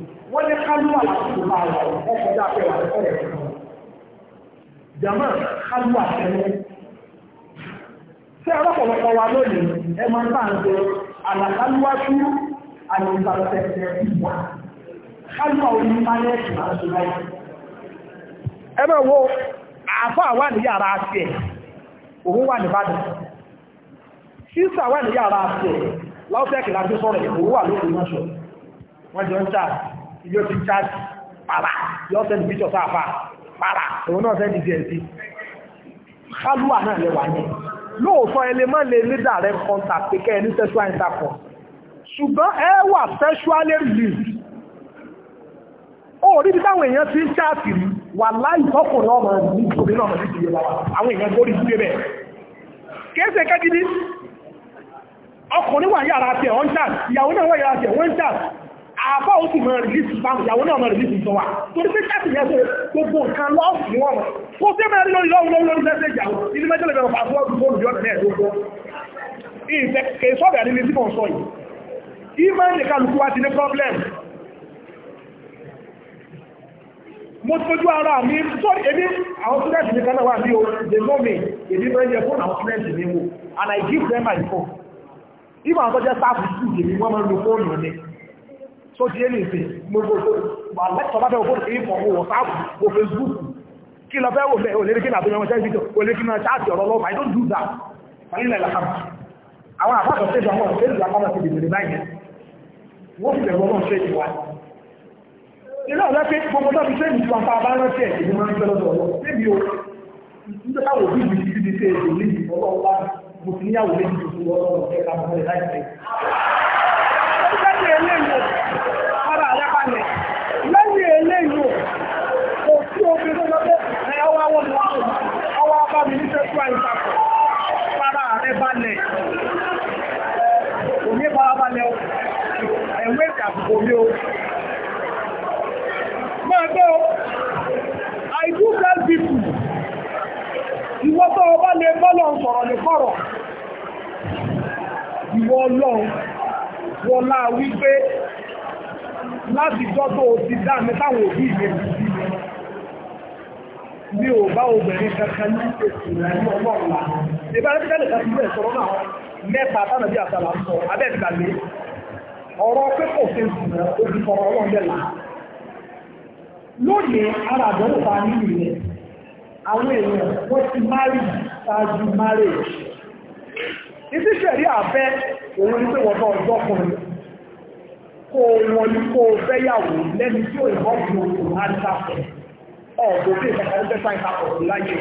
wọ́n ní kálúwà láti máa wà ọkọ̀ dá pé wà lẹ́kọ̀ọ́ rẹ̀ jama kálúwà tẹ́lẹ̀ ṣé ọlọ́pọ̀lọpọ̀ wa lónìí ẹ máa ń bá ń jẹ àlàkálúwà tú àlùbàtẹ̀tẹ̀ ìwà kálúwà orí mánẹ́ẹ̀tì máa ṣe láì ẹ máa wo àfọ́ àwa ní yàrá tiẹ̀ òun wà nìbàdàn sísà wà ní yàrá tiẹ̀ láwùjọ kìlá tó sọ̀rọ̀ òun wà lórí náà sọ wọ́n jọ ń ṣáà yóò ti chájì para yóò sẹ́ni píṣọ̀ sáfà para òun náà sẹ́ni díẹ̀ sí kálúwà náà lẹ́wà ní lóòótọ́ ẹlẹ́ má lè ní direct contact pé kẹ́ ẹ ní sexual intercourse ṣùgbọ́n ẹ wà sexually relieved ó rí bí táwọn èèyàn ti ń chájì rí wà láì tọkùnrin ọmọ ní ìtòrí náà ní ìdílé wa àwọn èèyàn gbórí ìdílé bẹ́ẹ̀ kéèsè kẹ́gidi ọkùnrin wà yàrá tiẹ̀ wọ́n chájì ìyàwó náà wà yàrá tiẹ̀ wọ́n chájì àbá ó sì mọ rìlíìsì báwọn ìyàwó náà mọ rìlíìsì sọ wa torí pé káàtì yẹn tó gbogbo nǹkan lọ́ọ̀fù wọn kó fẹ́ máa rí lórí lọ́wọ́ lórí lórí mẹ́sẹ̀jì àwọn mo ti fojú ara mi sọ́ọ̀rì èmi àwọn students mi kan ní o they know me èmi máa àwọn students mi wo and I give them my phone ìmọ̀ àwọn tó jẹ́ staff school èmi wọ́n máa ń fóònù mi tó di ẹni ìsìn gbogbo àlẹ́tọ̀ bá fẹ́ òfò kí ìfọ̀ owó wọ̀sáàpù wo Facebook kí lọ fẹ́ wò bẹ́ẹ̀ ò lè rí kí nàbí ọmọ sẹ́yìn fídíò ò lè kí náà ṣáàtì ọ̀rọ̀ lọ́wọ́ I don't do that nílẹ̀ làkàm àwọn àpapọ̀ ṣe ìjọba ọ̀rọ̀ ṣéjì àpapọ̀ ti dìbò nígbà yẹn wọ́n fi bẹ̀rù ọlọ́run ṣéjì wa ilé ọ̀lẹ́ pé gbogbo náà fi ṣéjì wọn fa abáná tẹ̀ èmi máa ń fẹ́ lọ́dọ̀ ọ̀rọ̀ níbi o nígbà táwọn òbí mi ti di ṣe èdè yìí ọlọ́run bá mo ti níyàwó méjì tó fún ọlọ́run ọ̀kẹ́ àpò mi o máa gbọ́ I do tell people ìwọ tó ọba lè bọ́lọ̀ sọ̀rọ̀ ní kọ̀rọ̀ ìwọ ọlọ́run wọlá wípé láti jọ́tọ̀ ti dá mẹ́tàwọn òbí ìgbẹ́ mi ò bá obìnrin kankan ní ètò ìrìn ọlọ́run lá ìbára tí kẹ́lẹ̀ kan ti bẹ̀rẹ̀ sọ ọ̀rọ̀ pé kò ṣe jùlọ ojú fọ̀rọ̀ ọlọ́run bẹ̀rẹ̀ lónìí ara àdánwò ta nínú ilẹ̀ àwọn èèyàn wọ́n ti márì ṣáájú márèjì ibi ṣẹ̀rí àfẹ́ òun ní pé wọ́n bá ọjọ́ kan kó wọn ní kó fẹ́yàwó lẹ́ni tí ó ìbọn bí òkú àdìsàpọ̀ ọ̀gbọ̀n bí ìfẹ̀kọ̀ ń tẹ́sà ìtàkọ̀ láyé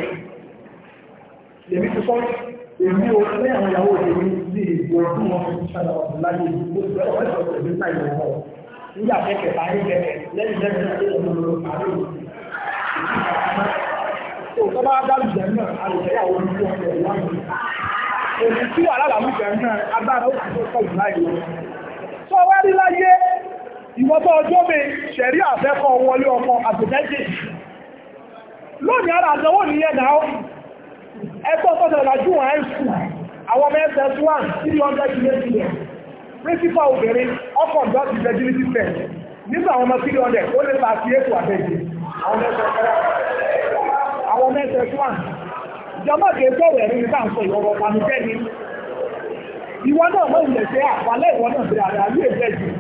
lèmi ti sọ́ọ́ èmi ò fẹ́ àwọn ìyàwó èmi sí ìgbò ọdún wọn fi ṣàlọ̀ ọ̀dún láyé ìgbò ọ̀rẹ́ ọ̀dún ẹ̀mí náà ìwọ̀n wọn nígbà kẹ̀kẹ́ bá yín kẹ̀kẹ́ lẹ́yìn lẹ́yìn náà lẹ́yìn ọmọ ọmọ àárẹ̀ tó tó bá dá lùjẹ̀ náà àlùfẹ́yàwó ní fún ọ̀sẹ̀ ìyáwó èmi tí alálàmújẹ náà agbára ó sì tó láyé tó wá rí láyé ìwọ́tọ̀ ọjọ́ mi ṣẹ̀rí àfẹ́kọ̀ọ́ wọlé ọkọ̀ àtẹ̀jẹ́jì lónìí ara àdánwò nìyẹn náà ẹgbọ́n tó tẹ̀lá jù wọ́n high school àwọn ọmọ ss1 300 kìlẹ̀ principal obìnrin ọkọ̀ ọ̀dọ́ ti fertility test nígbà àwọn ọmọ 300 ó lè ta sí ètò àtẹ̀jì àwọn ọmọ ss1 ìjọba kìí sọ̀rọ̀ ẹ̀rí nígbà ń sọ ìwọ̀rọ̀ pàmìtẹ́ ni ìwọ náà mọ̀ ìlẹ̀ ṣe àpálẹ̀ ìwọ náà bẹ̀rẹ̀ àrà ilé ìfẹ́ jù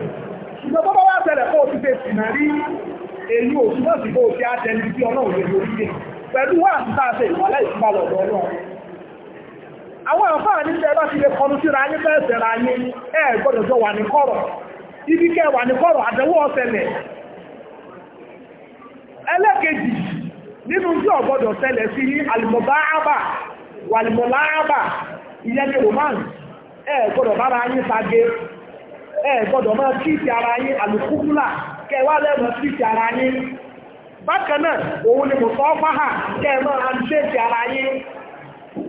ìjọba bá wá bẹ̀rẹ̀ kó o ti fèsì náà rí èyí òṣùwọ̀n sí kó o ti á tẹni sí ọlọ́run lórí ilé pẹ̀lú wà sáàfẹ́ ìwọ̀lẹ́ ìsúbàlọ̀ lọ́wọ́ àwọn àǹfààní ní tẹ́ ti lè kọnu síra yín bẹ́ẹ̀ sẹ̀ra ra ẹ gbọ́dọ̀ wà ní ibi kẹ́ wà ní kọ̀rọ̀ àdẹ̀wò ọ̀sẹ̀lẹ̀ elekeji nínú tí ọ̀gbọ́dọ̀ ṣẹlẹ̀ sí ní alìmọ̀báábà ni sage ara ara bákan náà òun ni mùsọ́fáhà kẹ́ẹ̀mọ́ àdúgbèsì ara yín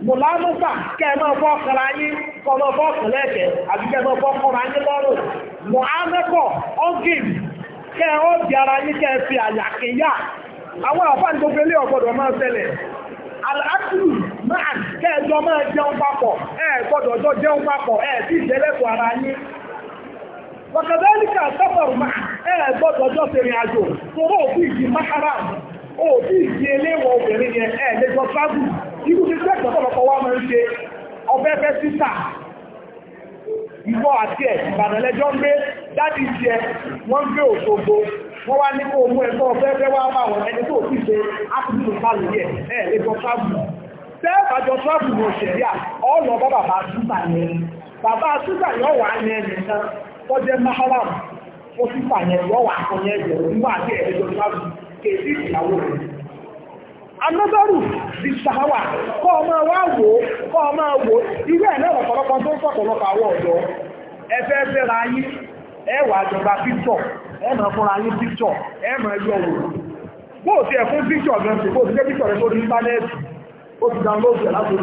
mùlámùsà kẹ́ẹ̀mọ́ fọ́ọ̀kọ̀ra yín kọ́mọ́ fọ́ọ̀kọ̀lẹ́ẹ̀kẹ́ àbí kẹ́ẹ̀mọ́ fọ́ọ̀kọ̀ra yín lọ́rùn mùhámẹ́kọ̀ ọ́gìn kẹ́ẹ̀ ó di ara yín kẹ́ẹ̀ fi àyà kíyà àwọn àfáàní tó gbélé máa máa máa jẹun papọ̀ jẹun papọ̀ ara yín wàkàdálíkà sáfàrù máa ẹ gbọ́dọ̀ ọjọ́ tẹ̀rìn àjò tòró òbí ìdí máhárà òbí ìdí eléwọ̀ obìnrin yẹn ẹ lẹ́jọ́ tábù irú ti tẹ́ ìgbọ́dọ̀lọpọ̀ wa máa ń ṣe ọbẹ̀ fẹ́ sísà ìwọ àti ẹ̀ ìbàdàn lẹ́jọ́ ń gbé wọ́n wá ní kó mú ọ̀fẹ́fẹ́ wá bá wọn ẹni tó sì ṣe yẹ tó jẹ́ maharam fún fífà yẹn yọ wà fún yẹn jẹ nígbà tí ẹ̀rẹ́ ìyàwó rẹ̀. di sàháwà kọ́ ọmọ wa wò kọ́ ọmọ wò irú ẹ̀ náà tó ń sọ̀pọ̀lọpọ̀ àwọ̀ ọ̀dọ́ ẹ fẹ́ fẹ́ra yín ẹ wà ẹ máa fúnra yín ẹ wò ẹ̀ fún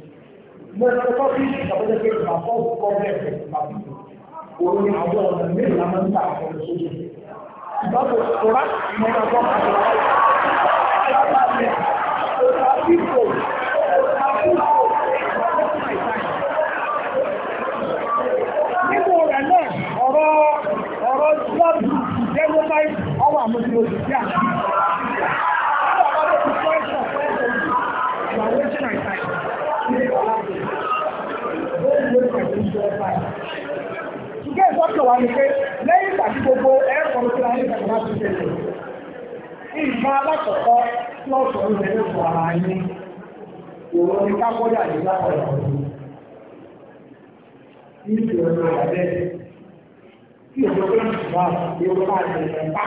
mo kọ́kọ́ bí ìṣàkóso pé bàbá òkú kọ́ bẹ́ẹ̀ fẹ́ bàbá òun ni àjọ ọ̀nà mélòó la máa ń gbà àwọn ìṣòro. ìbáwò kóra mo máa gbọ́ àwọn Nínú rẹ̀ náà, ọ̀rọ̀ ọ̀rọ̀ Jọ́ọ̀dù jẹ́ ló máa ń ọwọ́ àmójútó sí àṣírí. wa ni pé lẹ́yìn ìgbà tí gbogbo ẹ̀kọ́ tí a ní ìgbà bá ti tẹ̀lé ìgbà alákọ̀ọ́kọ́ tí wọ́n sọ ní ẹ̀rọ fún ara yín òun ni kákọ́yà ní lápọ̀lọ̀ ní ìgbìyànjú ìgbàdẹ́ tí òjò pé ìgbà yóò bá ti tẹ̀lé bá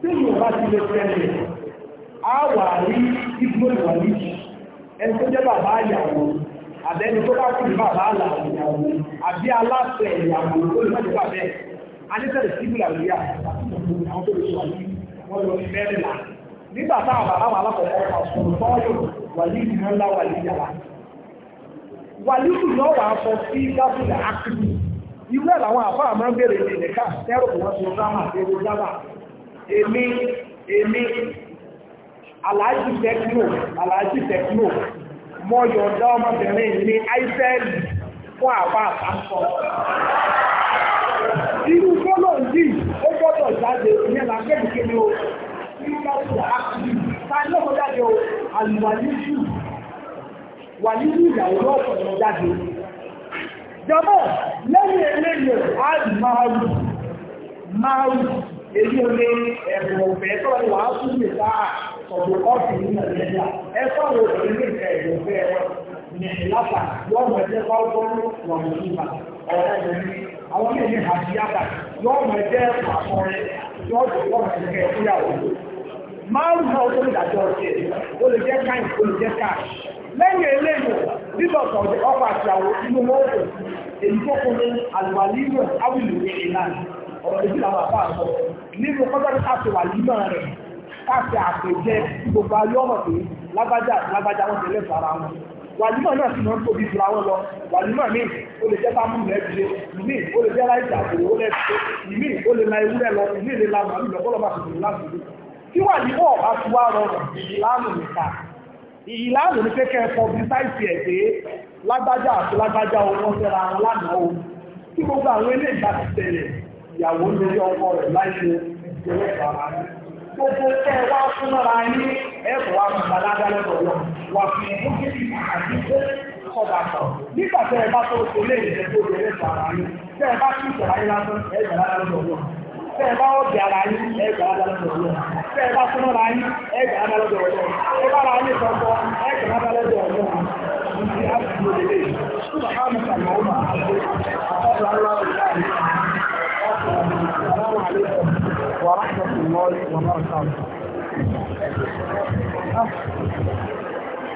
tí yóò bá ti lè tẹ̀lé á wà ní ìgbóhùn wà ní ẹni tó jẹ́ bàbá ìyàwó àbẹ́ni tó bá kú ní bàbá àlàyé ìyàwó àbí aláṣẹ ìyàwó olùmọ̀jọ́ bàbẹ́ anítẹ̀lẹ̀ síbìlà lóyà àwọn tó lè sọ àyè wọ́n lọ mẹ́rìnlá nígbà táwọn bàbá wà lápapọ̀ ọ̀sùn tọ́yọ̀ wàlí ìdùnnú ńlá wàlí ìyàwó wàlí ìdùnnú wà sọ sí dáfílà ákìlú irú ẹ̀ làwọn àbá àmọ́ ń bèrè ní ìdíkà tẹ́rù wọn sọ dáhà èrò dáhà èmi èmi aláàjì tẹkínò aláàjì tẹkínò mo yọ̀ǹda ọmọbìnrin ní áìsẹ́ẹ̀lì fún àbá àtàkọ́. irú gbọ́dọ̀ yìí ó gbọ́dọ̀ jáde ìyẹn là ń gbé ìkéde o nígbà tó a kì í ta ní ọkọ̀ jáde o àlùwàlíjù wàlíjù ìyàwó ọ̀pọ̀ jáde. jọ̀bọ̀ lẹ́yìn eléyìí a máa rù máa rù èyí ò ní ẹ̀bùn ọ̀fẹ́ tó ń wàá tún lè dá ọ̀dọ̀ ọ̀sìn ní nàìjíríà ẹ fáwọn òṣèré ní ìka ẹ̀bùn ọ̀fẹ́ wọn ní ìlàpà yóò mọ̀ ẹ̀jẹ̀ kọ́kọ́ lọ́mọ nípa ọ̀rọ̀ ẹ̀bùn ní àwọn ní ìhà sí yàtà yóò mọ̀ ẹ̀jẹ̀ àkọrin yóò tó wọ́n mọ̀ ẹ̀jẹ̀ ìfúyàwó. márùn náà ó tó lè dájọ́ ọ̀sẹ̀ ó lè jẹ́ káyìn ó lè jẹ́ lẹ́yìn eléyìí bíbọ̀ sọ̀rọ̀ ọkọ̀ àti àwọn inú wọn èyí tó kún ní àlùmọ́ọ́lì náà áwìlú ìlànà ọ̀rọ̀ ìdí làwọn àbá àtọ̀ nínú kọ́tàdé káàtì wà límọ̀ rẹ̀ káàtì àpèjẹ gbogbo ayé ọmọ pé lágbájá lágbájá wọn tẹ̀lé fún ara wọn wàlímọ̀ náà sì máa ń tóbi fún àwọn lọ wàlímọ̀ míì ó lè jẹ́ sámú lẹ́ẹ̀dìde ìmí ó lè jẹ́ láìsí àgbèrè ó lẹ́ẹ̀dìde ìmí ó lè la ewúrẹ́ lọ ìmí lè la màálù lọ kọ́lọ́ bá ti dùn láti dùn tí wàlímọ̀ ọ̀bá ti wá rọrùn ìlànà nìka ìlànà ní kékeré pọ̀bísáìsì ẹ̀ pé lágbájá àti lágbájá owó fẹ́ra wọn lánàá o tí gbogbo àwọn eléyìí bá ti tẹ̀lẹ̀ ìyàwó lórí ọkọ rẹ̀ láìpẹ́ ìjọba ìbára ní. Gbogbo ẹ wá fún ara yín ẹ̀kọ́ wa mọ̀ bàlágà lọ́dọ̀ lọ. Wà fún ìlú kíkì àti pé kọ̀dà kan. Nígbà tẹ́ ẹ bá tó oṣù lé ìjẹ́ tó lè lè sàrà yín. Tẹ́ ẹ bá tún ìṣẹ̀lá yín lásán ẹ̀ bàlágà lọ́dọ̀ lọ. Tẹ́ ẹ bá ọ̀dẹ̀ ara yín ẹ̀ bàlágà lọ́dọ̀ lọ. Tẹ́ ẹ bá fún ara yín ẹ̀ bàlágà lọ́dọ̀ lọ. Ẹ bá ara yín sọ̀tọ̀ ẹ̀ bàlágà lọ́dọ̀ lọ. Ìdí àti